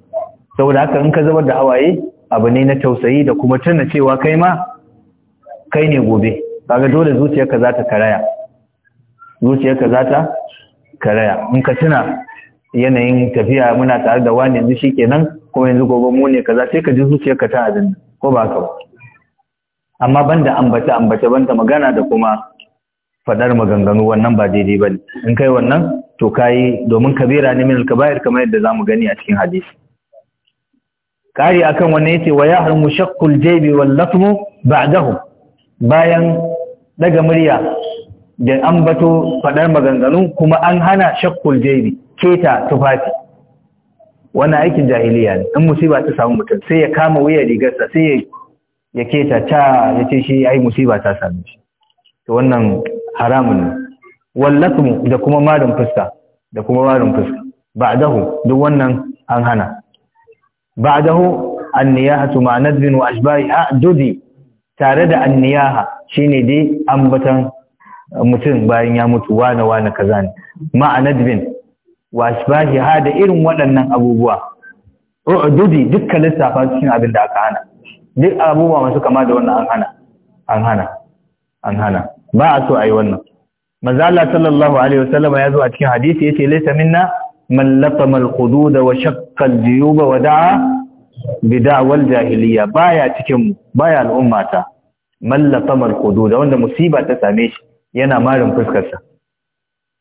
saboda haka in ka zubar da hawaye abu ne na tausayi da kuma tana cewa kai ma kai ne gobe kaga dole zuciyarka za ta karaya zuciyarka za ta karaya in ka tuna yanayin tafiya muna tare da wani yanzu shi kenan kuma yanzu gobe mu ne kaza sai ka ji zuciyarka ta abin ko ba ka ba amma banda ambata ambata banda magana da kuma fadar maganganu wannan ba daidai bane in kai wannan to kai domin kabira ne min al-kaba'ir kamar yadda zamu gani a cikin hadisi kari akan wannan yace wa yahrumu shaqqul jaybi wal latmu ba'dahu bayan daga murya da an bato faɗar maganganu kuma an hana shakkul jaibi keta tufafi wannan aikin jahiliya ne in musiba ta samu mutum sai ya kama wuya rigarsa sai ya keta ta ya ce shi ai musiba ta samu. shi to wannan haramun ne wallakum da kuma marin fuska da kuma marin fuska ba'dahu duk wannan an hana ba'dahu an-niyahatu ma nadrin wa a dudi tare da anniyaha shine dai ambatan mutum bayan ya mutu wane wane kaza ne ma'anadbin wa ashbahi hada irin waɗannan abubuwa ru'dudi dukkan lissafa cikin abin da aka hana duk abubuwa masu kama da wannan an hana an hana an hana ba a so ayi wannan manzo Allah sallallahu alaihi wasallam ya zo a cikin hadisi yace laysa minna man latama al-qudud wa shaqqa al-juyub wa da'a bid'awal jahiliya baya cikin baya al'ummata mallatamar hudud wanda musiba ta same shi yana marin fuskar sa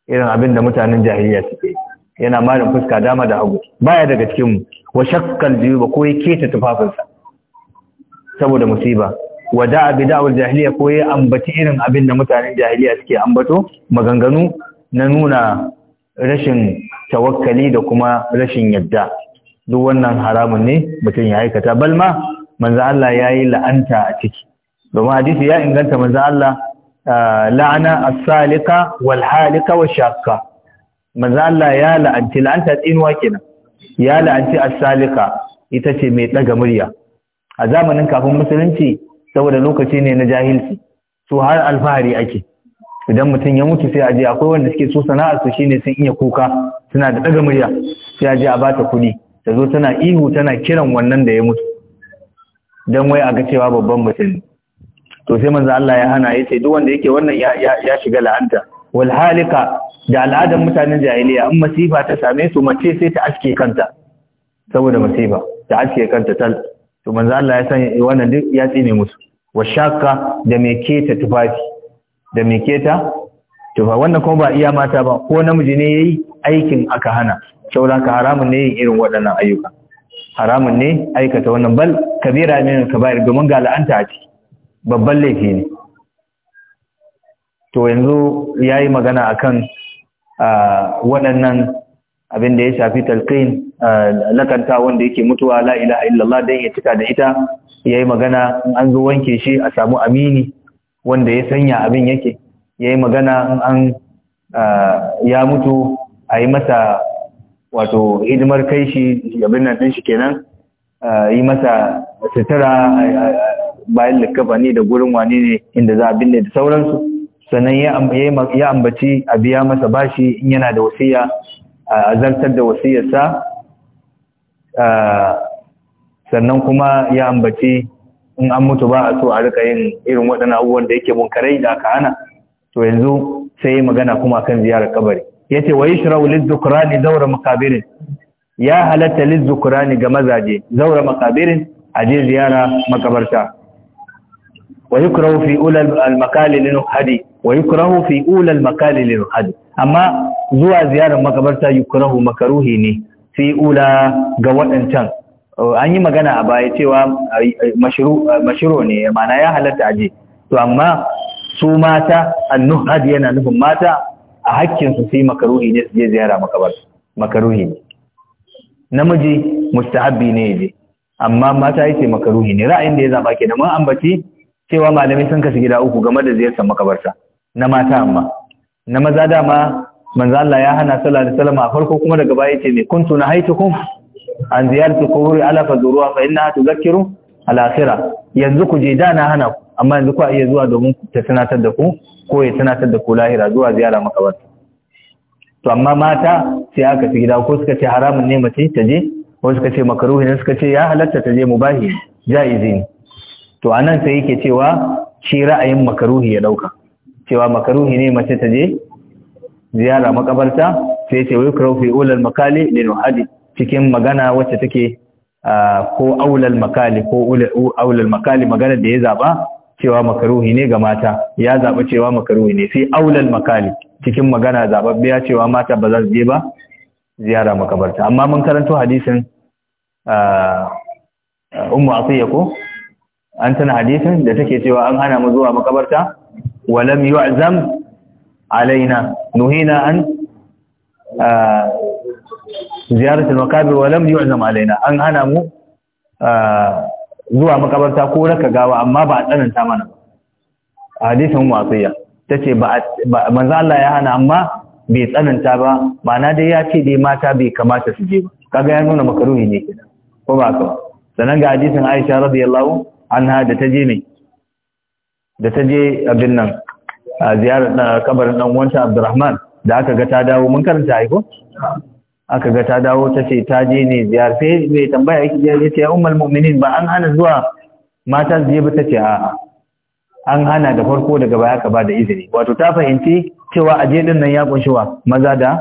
irin abin da mutanen jahiliya suke yana marin fuska dama da hagu baya daga cikin mu wa shakkal ba ko ya keta tufafin sa saboda musiba da bid'awal jahiliya ko ya ambaci irin abin da mutanen jahiliya suke ambato maganganu na nuna rashin tawakkali da kuma rashin yadda duk wannan haramun ne mutum ya aikata balma manzo Allah ya yi la'anta a ciki domin hadisi ya inganta manzo Allah ah, la'ana a salika wal halika wa shakka Allah ya la'anci la'anta tsinuwa kenan ya la'anci a salika ita ce mai ɗaga murya a zamanin kafin musulunci saboda lokaci ne na jahilci su har alfahari ake idan mutum ya mutu sai a je akwai wanda suke so sana'ar su shine sun iya kuka suna da ɗaga murya sai a je a bata kuɗi ta zo tana ihu tana kiran wannan da ya mutu don wai a ga cewa babban mutum to sai manzo Allah ya hana yace duk wanda yake wannan ya shiga la'anta wal da al'adar mutanen jahiliya in masifa ta same su mace sai ta aske kanta saboda masifa ta aske kanta tal to manzo Allah ya san eh, wannan duk ya tsine musu wa shakka da me keta tufafi da me keta tufa wannan kuma ba iya mata ba ko namiji ne yayi aikin aka hana saboda ka haramun ne yin irin waɗannan ayyuka haramun ne aikata wannan bal kabira ka bayar domin ga la'anta a ciki babban laifi ne to yanzu ya yi magana a kan waɗannan abin da ya shafi talqin lakanta wanda yake mutuwa la ilaha illallah dan ya cika da ita yayi magana in an zo wanke shi a samu amini wanda ya sanya abin yake yayi magana in an ya mutu a yi masa wato hidimar kai shi abin nan shi kenan yi masa sutura bayan likafa ne da gurin wani ne inda za a binne da sauransu sannan ya ambaci a biya masa bashi in yana da wasiya a zartar da wasiyarsa sannan kuma ya ambaci in an mutu ba a so a rika yin irin waɗannan abubuwan da yake munkarai da aka hana to yanzu sai magana kuma kan ziyarar kabari Ya yace wa yashra'u lizukrani zawra makabirin ya halatta lizukrani ga mazaje zawra makabirin a je ziyara makabarta wa yukrahu fi ulal al-makali lil hadi wa yukrahu fi ulal makali lil hadi amma zuwa ziyarar makabarta yukrahu makaruhi ne fi ula ga waɗancan an yi magana a baya cewa mashiro ne mana ya halatta aje to amma su mata annuhad yana nufin mata a hakkin su sai makaruhi ne su je ziyara makabar makaruhi ne namiji mustahabbi ne ya je amma mata yace makaruhi ne ra'ayin da ya zaba kenan mun ambaci cewa malamai sun kasu gida uku game da ziyartar makabarta na mata amma na maza dama manzo Allah ya hana sallallahu alaihi wasallam a farko kuma daga baya yace me kuntu ku? an ziyartu quburi ala fazuruha fa innaha tudhakkiru al-akhirah yanzu ku je da na hana ku amma yanzu ku iya zuwa domin ta sanatar da ku ko ya tunatar da ku lahira zuwa ziyara makabarta to amma mata sai aka fi gida ko suka ce haramun ne mace ta je ko suka ce makaruhi ne suka ce ya halatta ta je mubahi jaizi ne to anan sai yake cewa shi ra'ayin makaruhi ya ɗauka. cewa makaruhi ne mace ta je ziyara makabarta sai ce wai krafi ulal makali lil hadi cikin magana wacce take ah, ko aulal makali ko aulal makali magana da ya zaba cewa makaruhi ne ga mata ya zaɓi cewa makaruhi ne sai aulal makali cikin magana zaɓaɓɓe ya cewa mata ba za su je ba ziyara makabarta amma mun karanto hadisin ummu asiya ko an tana hadisin da take cewa an hana mu zuwa makabarta walam yu'zam alaina nuhina an ziyaratul makabir walam yu'zam alaina an hana mu zuwa makabarta ko raka gawa amma ba a tsananta mana ba a hadisin wasiya ce ba manzan Allah ya hana amma bai tsananta ba ma'ana dai ya ce dai mata bai kamata su je ba kaga ya nuna makaruhi ne ko ba ka sanan ga hadisin Aisha radiyallahu anha da ta je ne da ta je abin nan ziyarar kabarin dan wanta Abdurrahman da aka ga ta dawo mun karanta ai ko aka ga ta dawo ta ce ta je ne ziyar sai mai tambaya yake je ya ce ya ummul mu'minin ba an hana zuwa mata je ba ta ce a'a an hana da farko daga baya ka ba da izini wato ta fahimci cewa aje din nan ya kunshi wa maza da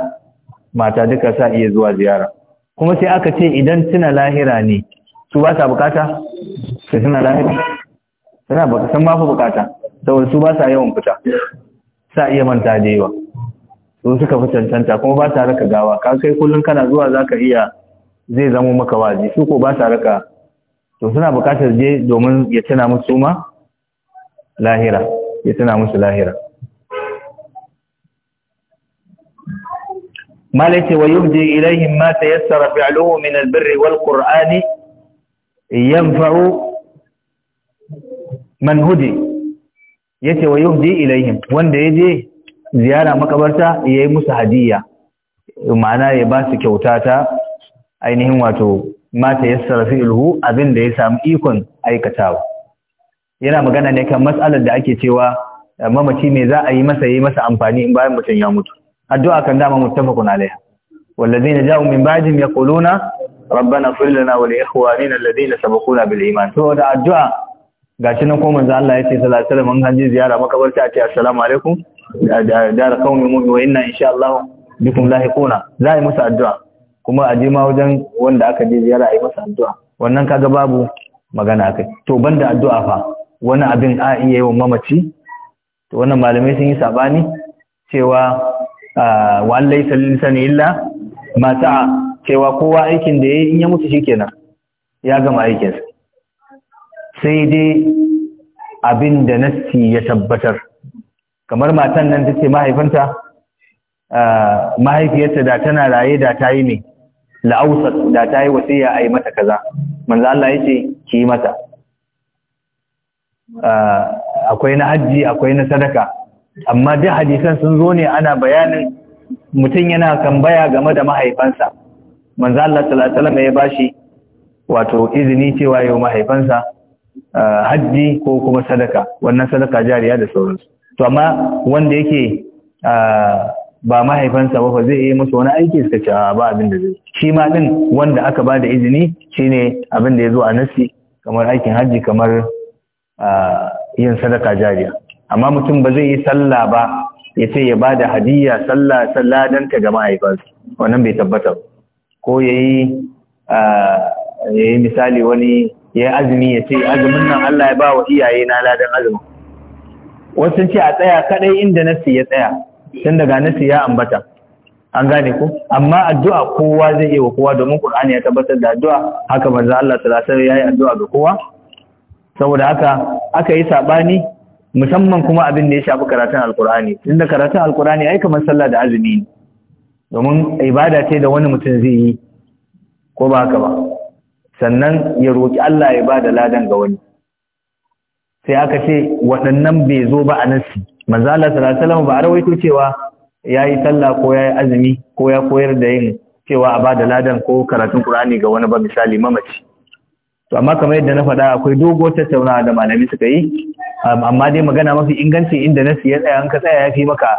mata duka sa iya zuwa ziyara kuma sai aka ce idan tuna lahira ne su ba sa bukata su tuna lahira suna ba san ma fa bukata saboda su ba sa yawan fita sa iya manta da yawa sun suka fi cancanta kuma ba tare ka gawa ka kai kullum kana zuwa za ka iya zai zama maka waje su ko ba tare ka to suna bukatar je domin ya tana musu ma lahira ya tana musu lahira malaka wa yubdi ilaihim ma tayassara fi'luhu min al-birr wal qur'an yanfa'u man hudi yace wa yubdi ilaihim wanda yaje ziyara makabarta ya yi musu hadiyya ma'ana ya ba su kyauta ta ainihin wato mata ya sarrafi ilhu abin da ya samu ikon aikatawa yana magana ne kan matsalar da ake cewa eh, mamaci mai za a yi masa yi masa amfani in bayan mutum ya mutu addu'a kan dama muttafaqun alaiha wallazina ja'u min ba'dihim yaquluna rabbana ighfir lana wa li ikhwanina alladhina sabaquna bil iman to da addu'a gashi nan ko manzo Allah ya ce alaihi wasallam an hanje ziyara makabarta a ce assalamu alaikum dara kauni mu wa inna insha Allah bikum lahiquna za a yi addu'a kuma a ma wajen wanda aka je ziyara a yi masa addu'a wannan kaga babu magana kai to banda addu'a fa wani abin a iya yi wa mamaci to wannan malamai sun yi sabani cewa wa laysa lil insani illa ma sa'a cewa kowa aikin da yayi in ya mutu shikenan ya gama aikinsa sai dai abin da nassi ya tabbatar kamar matan nan ta ce mahaifinta mahaifiyarta da tana raye da ta yi ne la'ausar da ta yi wasiya a yi mata kaza manzo Allah ya ce ki yi mata akwai na hajji akwai na sadaka amma duk hadisan sun zo ne ana bayanin mutum yana tambaya game da mahaifansa manzo Allah sallallahu alaihi wasallam ya bashi wato izini cewa yau mahaifansa hajji ko kuma sadaka wannan sadaka jariya da sauransu to amma wanda yake ba mahaifansa ba zai yi musu wani aiki suka ce ba abin da zai shi ma din wanda aka ba da izini shine abin da ya zo a nasi kamar aikin hajji kamar yin sadaka jariya amma mutum ba zai yi sallah ba ya ce ya ba da hadiyya sallah sallah don ta ga mahaifansa wannan bai tabbata ko ya yi misali wani ya azumi ya ce azumin nan Allah ya ba wa iyaye na ladan azumin wasu ce a tsaya kadai inda nasi ya tsaya tun daga nasi ya ambata an gane ku amma addu'a kowa zai iya wa kowa domin Qur'ani ya tabbatar da addu'a haka manzo Allah sallallahu alaihi wasallam addu'a ga kowa saboda haka aka yi sabani musamman kuma abin da ya shafi karatun alkur'ani inda karatun alkur'ani ai kamar sallah da azumi ne domin ibada ce da wani mutum zai yi ko ba haka ba sannan ya roki Allah ya ba da ladan ga wani sai aka ce waɗannan bai zo ba a nasi manzala sallallahu ba a rawaito cewa ya yi talla, ko ya yi azumi ko ya koyar da yin cewa a ba da ladan ko karatun kur'ani ga wani ba misali mamaci to amma kamar yadda na faɗa akwai dogo tattaunawa da malami suka yi um, amma dai magana mafi inganci inda nasi ya tsaya an ka tsaya ya fi maka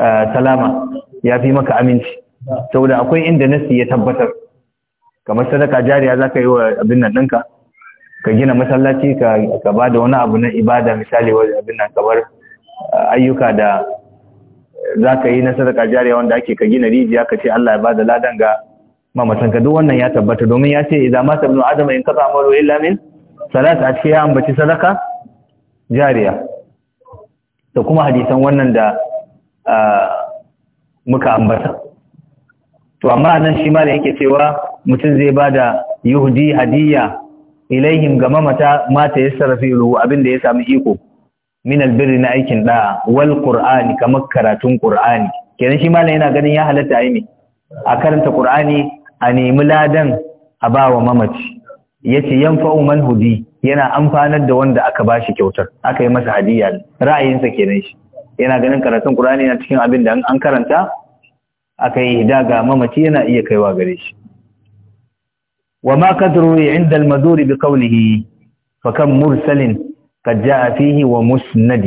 uh, salama ya fi maka aminci saboda akwai inda nasi ya tabbatar kamar sadaka jariya za ka yi wa abin nan ɗinka ka gina masallaci ka ba da wani abu na ibada misali wajen abin nan kamar eh, ayyuka da za ka yi na sadaka jariya wanda ake ka gina rijiya ka ce Allah ya ba da ladan ga mamatan ka duk wannan ya tabbata domin ya ce idan ma ibnu adam in samu ruwa illa min salat a cikin ya ambaci sadaka jariya da kuma hadisan wannan da eh, muka ambata to amma nan shi ma da yake cewa mutum zai ba da yuhudi hadiyya. ilayhim ga mamata mata ya sarrafi ruhu abinda ya samu iko min albirri na aikin da'a wal qur'ani kamar karatun qur'ani kenan shi malam yana ganin ya halatta ayi ne a karanta qur'ani a nemi ladan a bawa mamaci yace yanfa'u man hudi yana amfanar da wanda aka bashi kyautar aka yi masa hadiya ra'ayinsa kenan shi yana ganin karatun qur'ani yana cikin abin da an karanta aka yi Da ga mamaci yana iya kaiwa gare shi وما قدره عند المدور بقوله فكم مرسل قد جاء فيه ومسند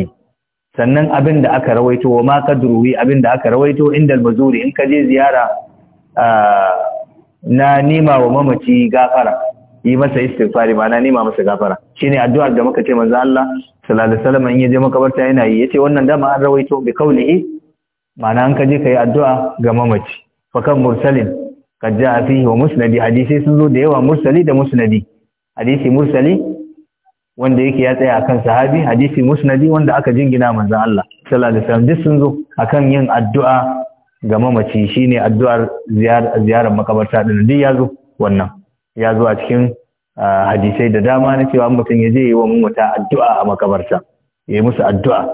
sannan abin da aka rawaito wa ma kadruwi abin da aka rawaito inda al-mazuri in ka je ziyara na nima wa mamaci gafara yi masa istighfari ma na nima masa gafara shine addu'ar da muka ce manzo Allah sallallahu alaihi wasallam in je makabarta yana yi yace wannan dama an rawaito bi kaulihi ma'ana an ka je kai addu'a ga mamaci fa kan mursalin qad jaa fihi wa musnadi hadisi sun zo da yawa mursali da musnadi hadisi mursali wanda yake ya tsaya akan sahabi hadisi musnadi wanda aka jingina manzon Allah sallallahu alaihi wasallam duk sun zo akan yin addu'a ga mamaci shine addu'ar ziyarar makabarta din duk ya zo wannan ya zo a cikin hadisai da dama na cewa mutum ya je yi wa mamata addu'a a makabarta ya musu addu'a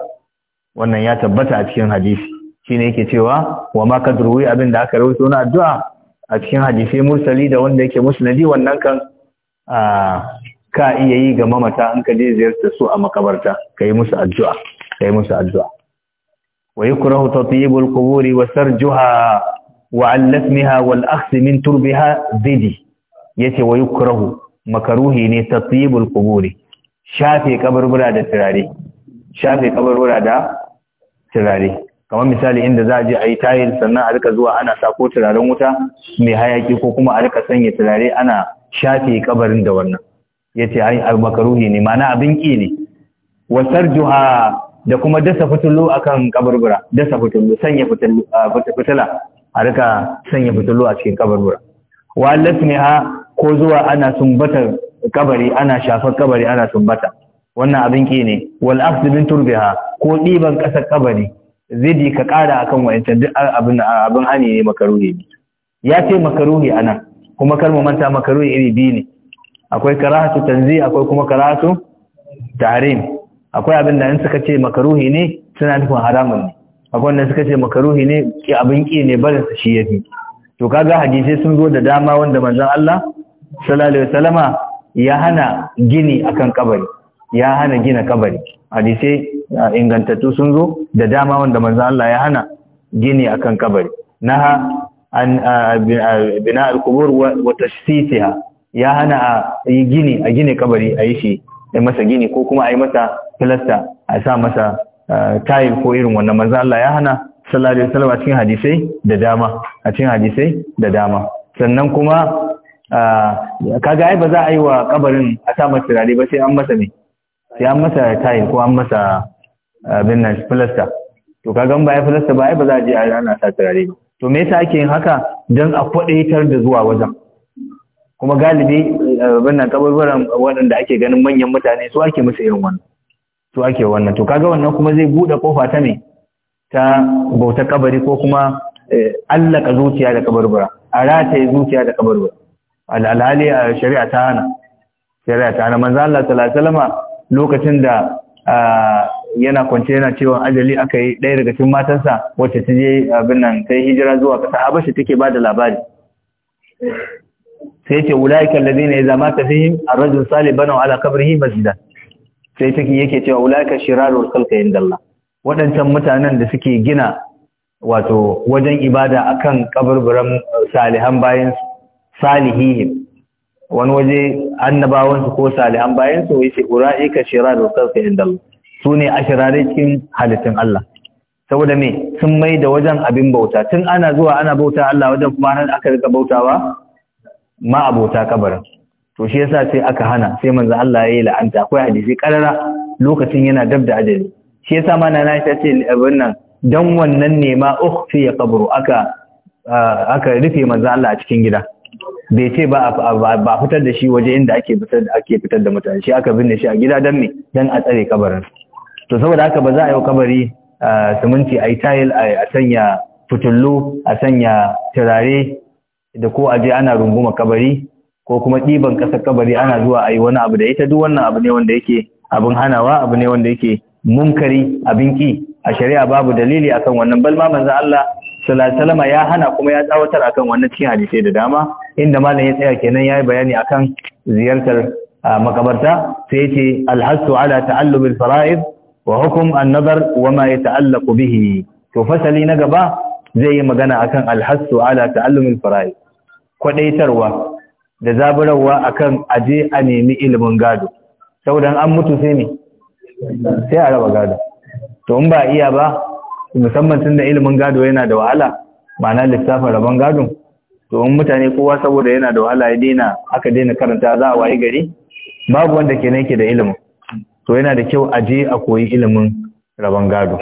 wannan ya tabbata a cikin hadisi shine yake cewa wa ma kadruwi abin da aka rawaito na addu'a a cikin hadisi mursali da wanda yake musnadi wannan kan ka iya yi ga mamata an ka je ziyarta su a makabarta ka yi musu addu'a ka yi musu addu'a wa yukrahu tatyibul quburi wa sarjuha wa allasmiha wal akhs min turbiha zidi yace wa yukrahu makaruhi ne tatyibul quburi shafe kaburbura da turare shafe kaburbura da turare kamar misali inda za a je a yi tayil sannan a rika zuwa ana sako turaren wuta mai hayaki ko kuma a rika sanya turare ana shafe kabarin da wannan ya ce ai makaruhi ne mana abin ki ne wasar juha da kuma dasa a akan kabarbura dasa fitilu, sanya fitula a rika sanya fitilu a cikin kabarbura wa ha ko zuwa ana sumbatar kabari ana shafar kabari ana sumbata wannan abin ki ne wal akhdhu turbiha ko ɗiban ƙasar kabari zidi ka ƙara akan wa’yancan duk abin abin hani ne makaruhi ne ya ce makaruhi anan kuma kar mu manta makaruhi iri biyu ne akwai karahatu tanzi akwai kuma karatu tarim akwai abin da in suka ce makaruhi ne suna nufin haramun ne akwai wanda suka ce makaruhi ne ke abin ki ne barin shi shi fi. to kaga hadisi sun zo da dama wanda manzon Allah sallallahu alaihi wasallama ya hana gini akan kabari ya hana gina kabari hadisai ah, ingantattu sun zo da dama wanda manzo Allah ya hana gini akan kabari naha an ah, ah, bina al-qubur wa ya hana a yi gini a gine kabari a yi shi a masa gini ko kuma a yi masa filasta a sa masa tayil ko irin wannan manzo Allah ya hana sallallahu alaihi wasallam cikin hadisai da dama a cikin hadisai da dama sannan kuma kaga ai ba za a yi wa kabarin a sa masa turare ba sai an masa ne sai an masa tayin ko an masa eh, abin nan filasta to ka gan baya filasta ba ba za a je a ana sa turare ba to me yasa ake yin haka don a kwaɗaitar da zuwa wajen kuma galibi eh, abin nan kaburburan waɗanda ake ganin manyan mutane su ake musu irin wannan su ake wannan to kaga wannan kuma zai buɗe kofa ta me ta bauta kabari ko kuma eh, allaka zuciya da kabarbura a rataye zuciya da kabarbura alhali a shari'a ta hana shari'a ta hana manzo Allah sallallahu alaihi wasallam lokacin da yana kwance yana cewa ajali aka yi ɗaya daga cikin matansa, wacce ta je abin nan ta yi hijira zuwa ƙasa bashi take ba da labari sai ce ulaika alladhina idza mata fihim ar-rajul bana wa ala qabrihi masjidan sai take yake cewa ulaika shirarul khalqi dalla Waɗancan mutanen da suke gina wato wajen ibada akan kabarburan salihan bayan salihihim wani waje annabawansu ko salihan bayan su yace ulaika shirarul khalqi inda Allah sune cikin halittun Allah saboda me sun mai da wajen abin bauta tun ana zuwa ana bauta Allah wajen kuma har aka rika bautawa ma abota kabarin to shi yasa sai aka hana sai manzo Allah ya yayi la'anta akwai hadisi karara lokacin yana dab da ajali shi yasa ma nana ta ce abin nan dan wannan nema, ma ukhfi qabru aka aka rufe manzo Allah a cikin gida bai ce ba a fitar da shi waje inda ake fitar da fitar da mutane shi aka binne shi a gida dan me dan a tsare kabarin to saboda haka ba za a yi kabari siminti a yi tayil a sanya fitullu a sanya turare da ko aje ana runguma kabari ko kuma ɗiban ƙasar kabari ana zuwa a yi wani abu da ita duk wannan abu ne wanda yake abin hanawa abu ne wanda yake munkari abin ki a shari'a babu dalili akan wannan balma manzo Allah sallallahu alaihi ya hana kuma ya tsawatar akan wannan cikin hadisai da dama inda malam ya tsaya kenan yayi bayani akan ziyartar makabarta sai yace alhasu ala ta'allum alfara'id wa hukm an-nazar wa ma yata'allaq bihi to fasali na gaba zai yi magana akan alhasu ala ta'allum alfara'id kwadaitarwa da zaburarwa akan aje a nemi ilimin gado saboda an mutu sai ne sai a raba gado to in ba iya ba musamman tun ilimin gado yana da wahala ma'ana lissafin rabon gadon? domin mutane kowa saboda yana da wahala ya daina aka daina karanta za a waye gari babu wanda ke yake da ilimin to yana da kyau a je a koyi ilimin rabon gado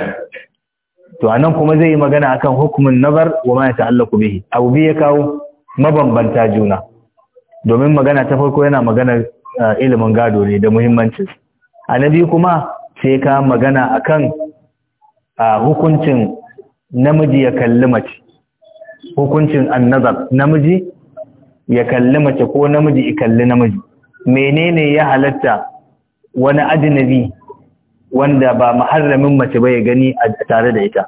to anan kuma zai yi magana akan hukumin nazar wa ma ta'allaku bihi abu biyu ya kawo mabambanta juna domin magana ta farko yana magana eh, ilimin gado ne da muhimmancin biyu kuma sai ka magana akan ah, hukuncin namiji ya kalli mace hukuncin annazar namiji ya kalli mace ko namiji ya kalli namiji menene ya halatta wani ajnabi wanda ba maharamin mace ba ya gani a tare da ita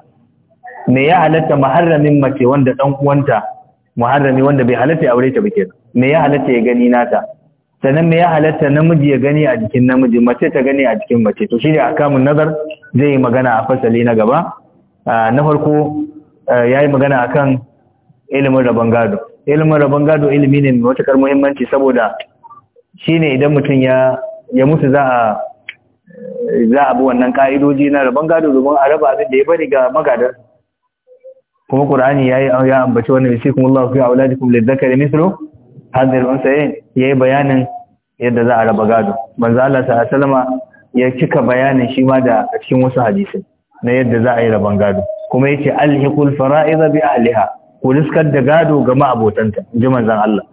me ya halatta maharamin mace wanda dan uwanta muharrami wanda bai halatta ya aure ta ba kenan me ya halatta ya gani nata sannan me ya halatta namiji ya gani a jikin namiji mace ta gani a jikin mace to shine akamun nazar zai magana a fasali na gaba ah, na farko ah, yayi magana akan ilimin rabon gado ilimin rabon gado ilimi ne mai matukar muhimmanci saboda shine idan mutum ya mutu za a za a bi wannan ka'idoji na rabon gado domin a raba abin da ya bari ga magadar kuma qur'ani yayi ya ambaci wannan yasikumullahu da auladikum lidhakari mithlu hadhihi al yayi bayanin yadda za a raba gado manzo Allah sallallahu alaihi ya cika bayanin shi ma da cikin wasu hadisi na yadda za a yi raban gado kuma yace alhiqul fara'iza bi ahliha ku riskar da gado ga ma'abotanta ji Allah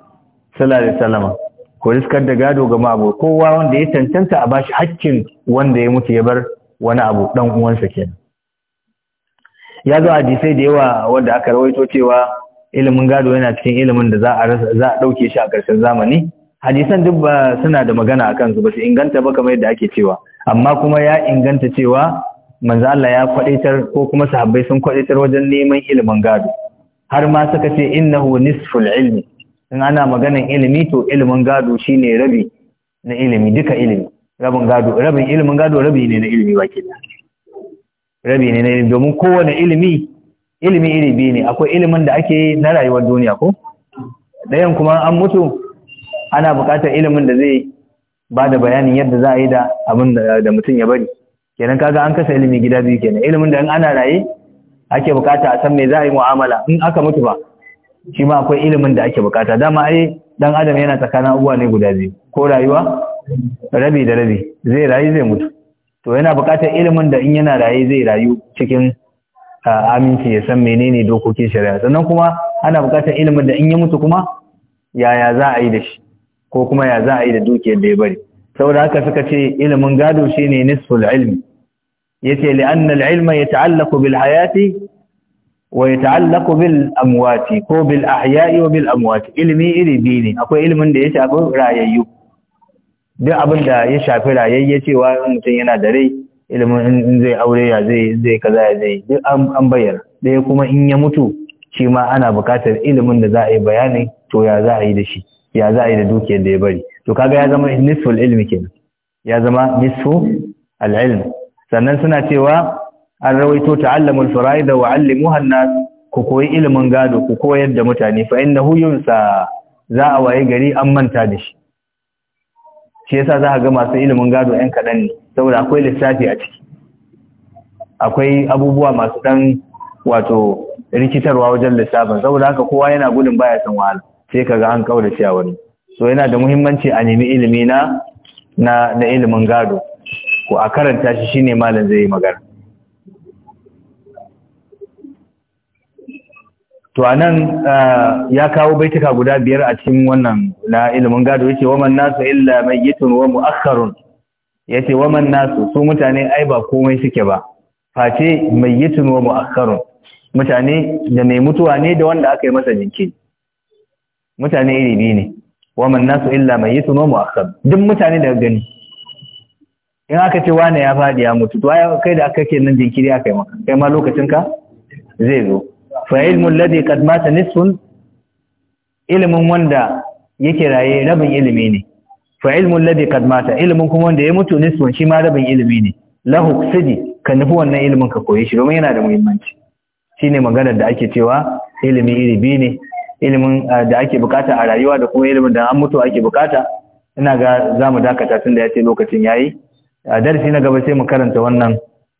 salari salama wasallam riskar da gado ga ma'abot kowa wanda ya tantanta a bashi haƙƙin wanda ya mutu ya bar wani abu ɗan uwansa kenan ya zo hadisai da yawa wanda aka rawaito cewa ilimin gado yana cikin ilimin da za a ɗauke shi a ƙarshen zamani hadisan duk ba suna da magana a kansu, ba su inganta ba kamar yadda ake cewa amma kuma ya inganta cewa manzo Allah ya kwadaitar ko kuma sahabbai sun kwadaitar wajen neman ilimin gado har ma suka ce innahu nisful ilmi in ana maganan ilimi to ilimin gado shine rabi na ilimi duka ilimi rabin gado rabin ilimin gado rabi ne na ilimi ba da rabi ne na ilimi domin kowane ilimi ilimi iri biyu ne akwai ilimin da ake na rayuwar duniya ko ɗayan kuma an mutu ana buƙatar ilimin da zai ba da bayanin yadda za a yi da abin da mutum ya bari kenan kaga an kasa ilimi gida biyu kenan ilimin da in ana raye ake bukata a san me za a yi mu'amala in aka mutu ba shi ma akwai ilimin da ake bukata dama ai dan adam yana tsakanin uwa ne guda biyu ko rayuwa rabi da rabi zai rayu zai mutu to yana bukatar ilimin da in yana rayu zai rayu cikin aminci ya san menene dokokin shari'a sannan kuma ana bukatar ilimin da in ya mutu kuma yaya za a yi da shi ko kuma ya za a yi da dukiyar da ya bari saboda haka suka ce ilimin gado shine nisful ilmi yace li'anna al-ilma yata'allaqu bil hayati wa yata'allaqu bil amwati ko bil ahya'i wa bil amwati ilmi iri biyu ne akwai ilmin da ya shafi rayayyu duk abin da ya shafi rayayye cewa mutum yana da rai ilimin in zai aure ya zai zai kaza ya zai duk an bayyana "Daya kuma in ya mutu shi ma ana bukatar ilimin da za a yi bayani to ya za a yi da shi ya za a yi da dukiyar da ya bari to kaga ya zama nisful ilmi kenan ya zama nisfu al-ilm sannan suna cewa an rawaito ta'allamul fara'ida wa 'allimuha an-nas ku koyi ilimin gado ku koyar da mutane fa innahu yunsa za a waye gari an manta da shi shi yasa za ga masu ilimin gado ɗan kaɗan ne saboda akwai lissafi a ciki akwai abubuwa masu ɗan wato rikitarwa wajen lissafin saboda haka kowa yana gudun baya son wahala sai ga an kaurace a wani so yana da muhimmanci a nemi ilimi na na ilimin gado ko a karanta shi shine malam zai yi magana to anan ya kawo baituka guda biyar a cikin wannan na ilimin gado yace waman nasu illa mayyitun wa mu'akhkharun yace waman nasu su mutane ai ba komai suke ba face mayyitun wa mu'akhkharun mutane da mai mutuwa ne da wanda aka yi masa jinki mutane iri biyu ne waman nasu illa mayyitun wa mu'akhkharun duk mutane da gani in aka ce wane ya faɗi ya mutu to kai da aka ke nan jinkiri aka yi maka kai ma lokacin ka zai zo fa ilmul ladhi qad mata nisfun ilmin wanda yake raye rabin ilimi ne fa ilmul ladhi qad mata ilmin kuma wanda ya mutu nisfun shi ma rabin ilimi ne lahu sidi ka nufi wannan ilimin ka koyi shi domin yana da muhimmanci shine maganar da ake cewa ilimi iri biyu ne ilimin da ake bukata a rayuwa da kuma ilimin da an mutu ake bukata ina ga zamu dakata tun da ya ce lokacin yayi a darsi na gaba sai mu karanta wannan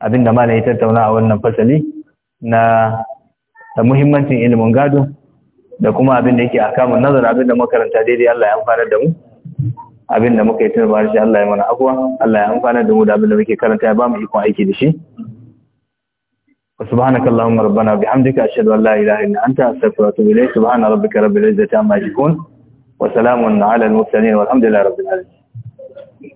abin da malai tattauna a wannan fasali na da muhimmancin ilimin gado da kuma abin da yake kamun nazar abin da makaranta daidai Allah ya amfana da mu abin da muka yi tun ba shi Allah ya mana afuwa Allah ya amfana da mu da abin da muke karanta ya ba mu ikon aiki da shi سبحانك اللهم ربنا وبحمدك أشهد أن لا إله إلا أنت أستغفرك وأتوب إليك سبحان ربك رب العزة عما يصفون وسلام على المرسلين والحمد لله رب العالمين